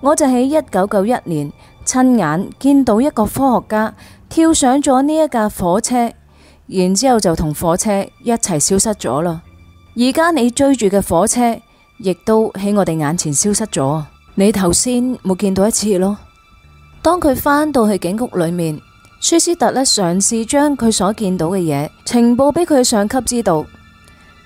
我就喺一九九一年親眼見到一個科學家跳上咗呢一架火車，然之後就同火車一齊消失咗啦。而家你追住嘅火車亦都喺我哋眼前消失咗，你頭先冇見到一次咯。當佢返到去警局裏面，舒斯特呢嘗試將佢所見到嘅嘢情報俾佢上級知道，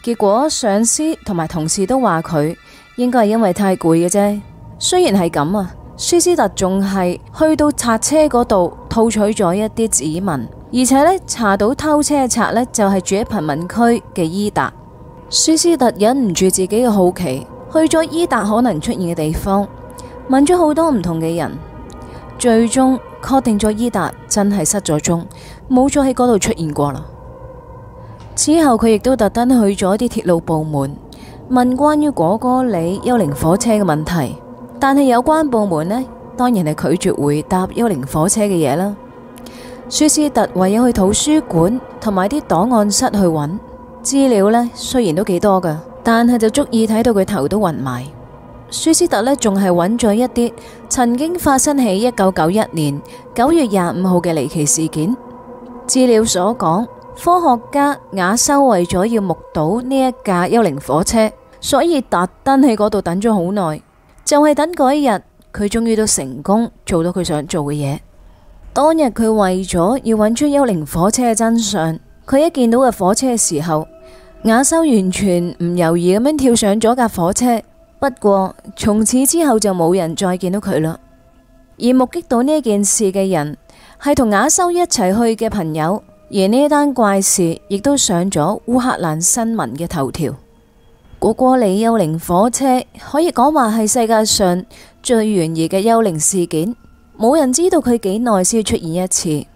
結果上司同埋同事都話佢應該係因為太攰嘅啫。雖然係咁啊，舒斯特仲係去到賊車嗰度，套取咗一啲指紋，而且呢，查到偷車賊呢，就係住喺貧民區嘅伊達。舒斯特忍唔住自己嘅好奇，去咗伊達可能出現嘅地方，問咗好多唔同嘅人。最終確定咗伊達真係失咗蹤，冇再喺嗰度出現過啦。之後佢亦都特登去咗啲鐵路部門問關於果戈里幽靈火車嘅問題，但係有關部門呢，當然係拒絕回答幽靈火車嘅嘢啦。舒斯特唯有去圖書館同埋啲檔案室去揾資料呢，雖然都幾多㗎，但係就足以睇到佢頭都暈埋。舒斯特呢仲係揾咗一啲曾經發生喺一九九一年九月廿五號嘅離奇事件資料所講，科學家亞修為咗要目睹呢一架幽靈火車，所以特登喺嗰度等咗好耐，就係等嗰一日，佢終於都成功做到佢想做嘅嘢。當日佢為咗要揾出幽靈火車嘅真相，佢一見到嘅火車嘅時候，亞修完全唔猶豫咁樣跳上咗架火車。不過從此之後就冇人再見到佢啦。而目擊到呢件事嘅人係同亞修一齊去嘅朋友，而呢單怪事亦都上咗烏克蘭新聞嘅頭條。果戈里幽靈火車可以講話係世界上最懸疑嘅幽靈事件，冇人知道佢幾耐先出現一次，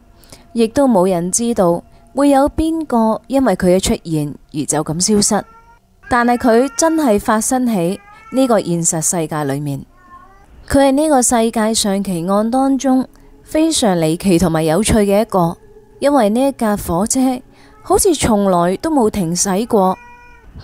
亦都冇人知道會有邊個因為佢嘅出現而就咁消失。但係佢真係發生起。呢個現實世界裏面，佢係呢個世界上奇案當中非常離奇同埋有趣嘅一個，因為呢一架火車好似從來都冇停駛過，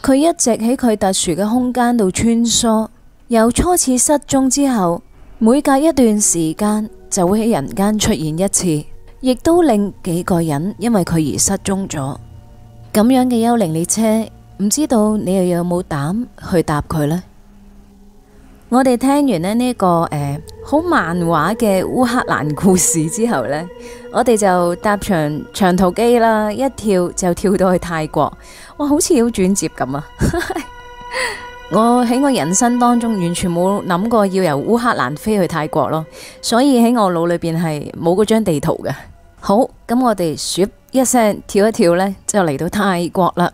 佢一直喺佢特殊嘅空間度穿梭。由初次失蹤之後，每隔一段時間就會喺人間出現一次，亦都令幾個人因為佢而失蹤咗。咁樣嘅幽靈列車，唔知道你又有冇膽去搭佢呢？我哋聽完咧、這、呢個誒好、呃、漫畫嘅烏克蘭故事之後呢，我哋就搭長長途機啦，一跳就跳到去泰國。哇，好似好轉接咁啊！ 我喺我人生當中完全冇諗過要由烏克蘭飛去泰國咯，所以喺我腦裏邊係冇嗰張地圖嘅。好，咁我哋咻一聲跳一跳呢，就嚟到泰國啦。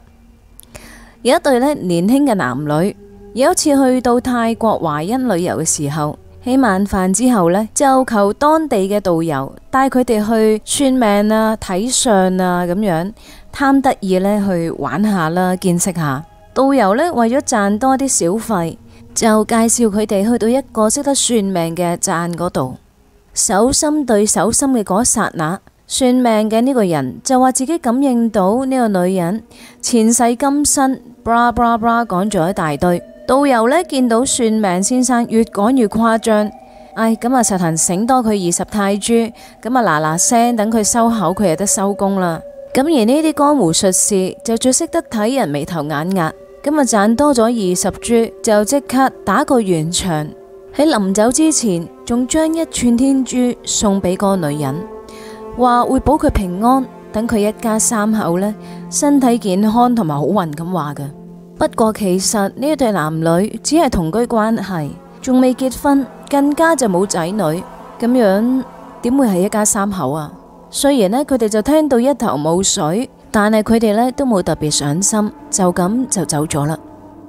有一對咧年輕嘅男女。有一次去到泰國華欣旅遊嘅時候，喺晚飯之後呢，就求當地嘅導遊帶佢哋去算命啊、睇相啊，咁樣貪得意呢去玩下啦，見識下導遊呢為咗賺多啲小費，就介紹佢哋去到一個識得算命嘅站嗰度，手心對手心嘅嗰一剎那，算命嘅呢個人就話自己感應到呢個女人前世今生，bra bra bra 講咗一大堆。導遊呢見到算命先生越講越誇張，唉，咁啊實行醒多佢二十泰銖，咁啊嗱嗱聲等佢收口，佢又得收工啦。咁而呢啲江湖術士就最識得睇人眉頭眼額，咁啊賺多咗二十銖，就即刻打個圓場，喺臨走之前仲將一串天珠送俾個女人，話會保佢平安，等佢一家三口呢，身體健康同埋好運咁話㗎。不過其實呢一對男女只係同居關係，仲未結婚，更加就冇仔女，咁樣點會係一家三口啊？雖然呢，佢哋就聽到一頭霧水，但係佢哋呢都冇特別上心，就咁就走咗啦。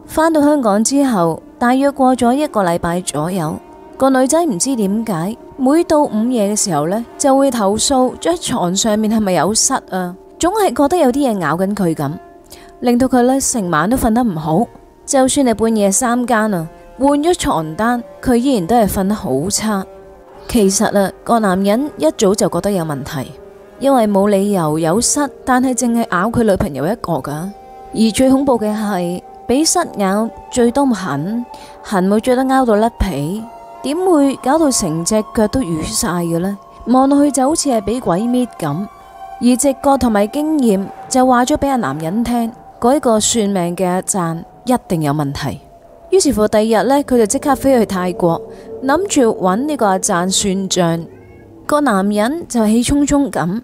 返到香港之後，大約過咗一個禮拜左右，個女仔唔知點解，每到午夜嘅時候呢，就會投訴，張床上面係咪有虱啊？總係覺得有啲嘢咬緊佢咁。令到佢呢成晚都瞓得唔好，就算你半夜三更啊，換咗床單，佢依然都係瞓得好差。其實啊，個男人一早就覺得有問題，因為冇理由有虱，但係淨係咬佢女朋友一個噶。而最恐怖嘅係，俾虱咬最多唔痕，痕冇着得撓到甩皮，點會搞到成隻腳都瘀晒嘅呢？望落去就好似係俾鬼搣咁。而直覺同埋經驗就話咗俾阿男人聽。嗰個算命嘅阿贊一定有問題，於是乎，第二日呢，佢就即刻飛去泰國，諗住揾呢個阿贊算賬。個男人就氣沖沖咁，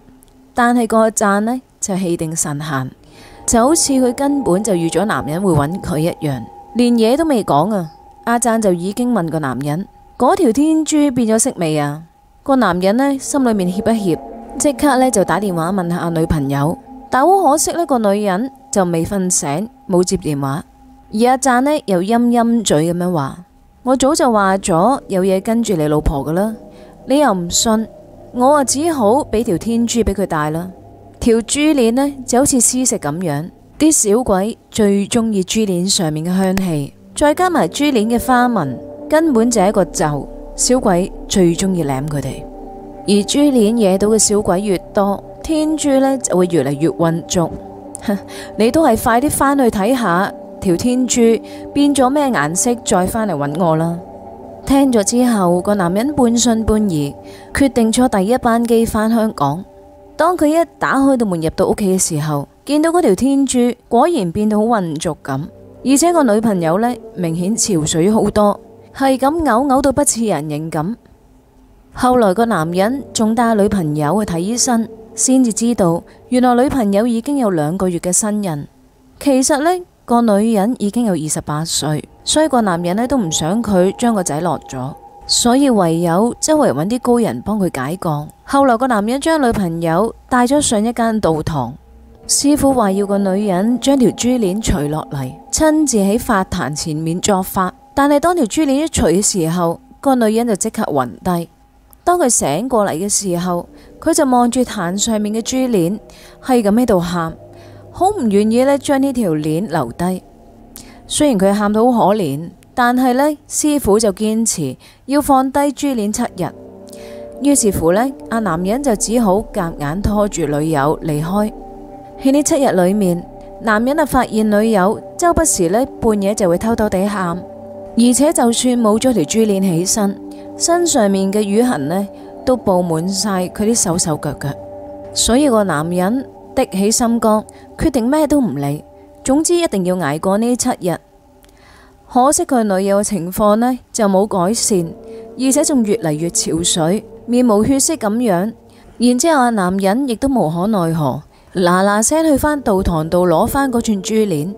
但係個阿贊呢就氣定神閒，就好似佢根本就預咗男人會揾佢一樣，連嘢都未講啊。阿贊就已經問個男人嗰條天珠變咗色未啊？個男人呢心裏面怯一怯，即刻呢就打電話問下女朋友，但好可惜呢個女人，就未瞓醒，冇接電話。而阿贊呢又陰陰嘴咁樣話：我早就話咗有嘢跟住你老婆㗎啦，你又唔信，我啊只好俾條天珠俾佢戴啦。條珠鏈呢就好似絲食咁樣，啲小鬼最中意珠鏈上面嘅香氣，再加埋珠鏈嘅花紋，根本就係一個咒。小鬼最中意舐佢哋，而珠鏈惹到嘅小鬼越多，天珠呢就會越嚟越混濁。 你都係快啲返去睇下條天珠變咗咩顏色，再返嚟揾我啦。聽咗之後，個男人半信半疑，決定坐第一班機返香港。當佢一打開門到門入到屋企嘅時候，見到嗰條天珠果然變到好渾濁咁，而且個女朋友呢明顯憔悴好多，係咁嘔嘔到不似人形咁。後來個男人仲帶女朋友去睇醫生，先至知道原來女朋友已經有兩個月嘅身孕。其實呢個女人已經有二十八歲，所以個男人呢都唔想佢將個仔落咗，所以唯有周圍搵啲高人幫佢解降。後來個男人將女朋友帶咗上一間道堂，師傅話要個女人將條珠鏈除落嚟，親自喺法壇前面作法。但係當條珠鏈一除嘅時候，個女人就即刻暈低。當佢醒過嚟嘅時候，佢就望住壇上面嘅珠鏈，係咁喺度喊，好唔願意咧將呢條鏈留低。雖然佢喊到好可憐，但係呢師傅就堅持要放低珠鏈七日。於是乎呢，阿男人就只好夾硬，硬拖住女友離開。喺呢七日裏面，男人啊發現女友周不時咧半夜就會偷偷地喊，而且就算冇咗條珠鏈起身。身上面嘅瘀痕呢，都布滿晒佢啲手手腳腳，所以個男人的起心肝，決定咩都唔理，總之一定要挨過呢七日。可惜佢女友嘅情況呢，就冇改善，而且仲越嚟越憔悴，面無血色咁樣。然之後阿男人亦都無可奈何，嗱嗱聲去返道堂度攞返嗰串珠鏈，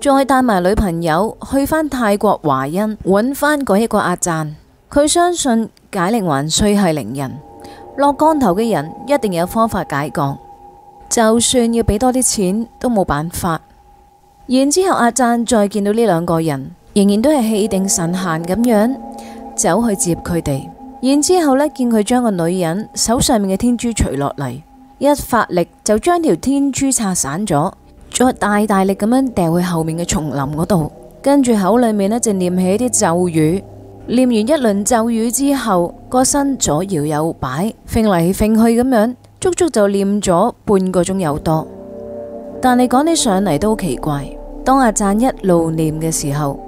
再帶埋女朋友去返泰國華欣搵返嗰一個阿贊。佢相信解鈴還需繫鈴人，落降頭嘅人一定有方法解降，就算要畀多啲錢都冇辦法。然之後阿贊再見到呢兩個人，仍然都係氣定神閒咁樣走去接佢哋。然之後咧，見佢將個女人手上面嘅天珠除落嚟，一發力就將條天珠拆散咗，再大大力咁樣掟去後面嘅叢林嗰度，跟住口裏面呢，就念起啲咒語。念完一輪咒語之後，個身左搖右擺，揈嚟揈去咁樣，足足就念咗半個鐘有多。但你講起上嚟都好奇怪，當阿贊一路念嘅時候，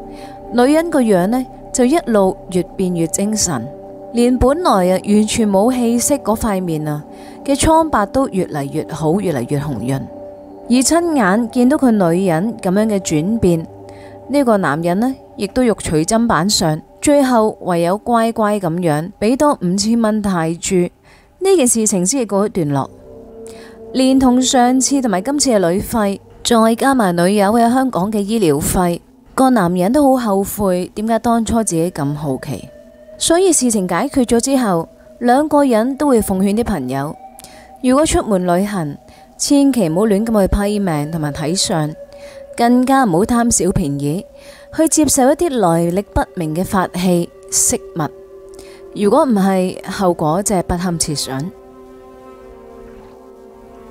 女人個樣呢，就一路越變越精神，連本來啊完全冇氣色嗰塊面啊嘅蒼白都越嚟越好，越嚟越紅潤。而親眼見到佢女人咁樣嘅轉變，呢個男人呢。亦都肉隨砧板上，最後唯有乖乖咁樣俾多五千蚊泰銖，呢件事情先係告一段落。連同上次同埋今次嘅旅費，再加埋女友喺香港嘅醫療費，個男人都好後悔，點解當初自己咁好奇？所以事情解決咗之後，兩個人都會奉勸啲朋友：如果出門旅行，千祈唔好亂咁去批命同埋睇相，更加唔好貪小便宜。去接受一啲來歷不明嘅法器飾物，如果唔係，後果就係不堪設想。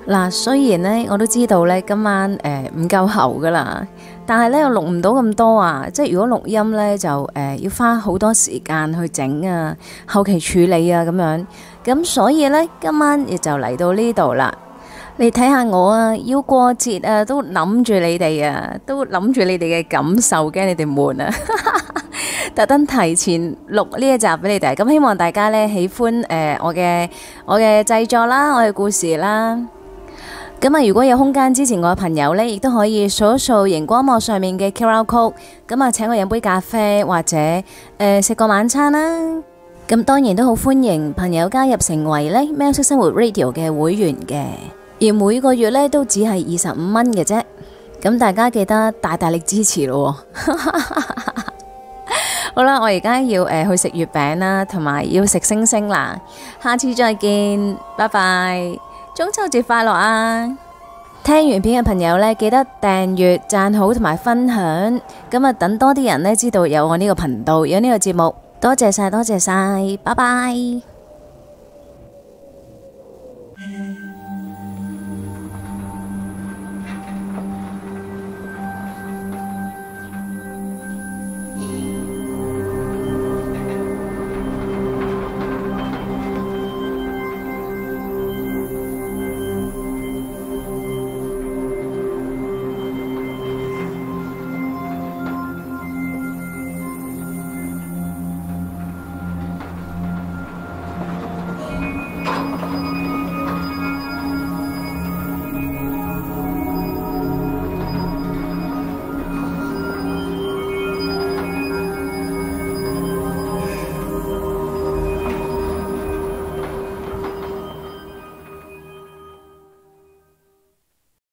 嗱， 雖然呢，我都知道呢今晚誒唔夠喉噶啦，但係呢，又錄唔到咁多啊，即係如果錄音呢，就誒、呃、要花好多時間去整啊，後期處理啊咁樣，咁所以呢，今晚亦就嚟到呢度啦。你睇下我啊，要過節啊，都諗住你哋啊，都諗住你哋嘅感受，驚你哋悶啊，特 登提前錄呢一集俾你哋。咁希望大家呢，喜歡誒我嘅我嘅製作啦，我嘅故事啦。咁啊，如果有空間，支持我嘅朋友呢，亦都可以數一數熒光幕上面嘅 QR Code。咁啊，請我飲杯咖啡或者食、呃、個晚餐啦。咁當然都好歡迎朋友加入成為 s 喵式生活 Radio 嘅會員嘅。而每個月呢都只係二十五蚊嘅啫，咁大家記得大大力支持咯、哦。 好啦，我而家要誒、呃、去食月餅啦，同埋要食星星啦，下次再見，拜拜，中秋節快樂啊！聽完片嘅朋友呢，記得訂閱、讚好同埋分享，咁啊等多啲人呢知道有我呢個頻道有呢個節目，多謝晒，多謝晒，拜拜。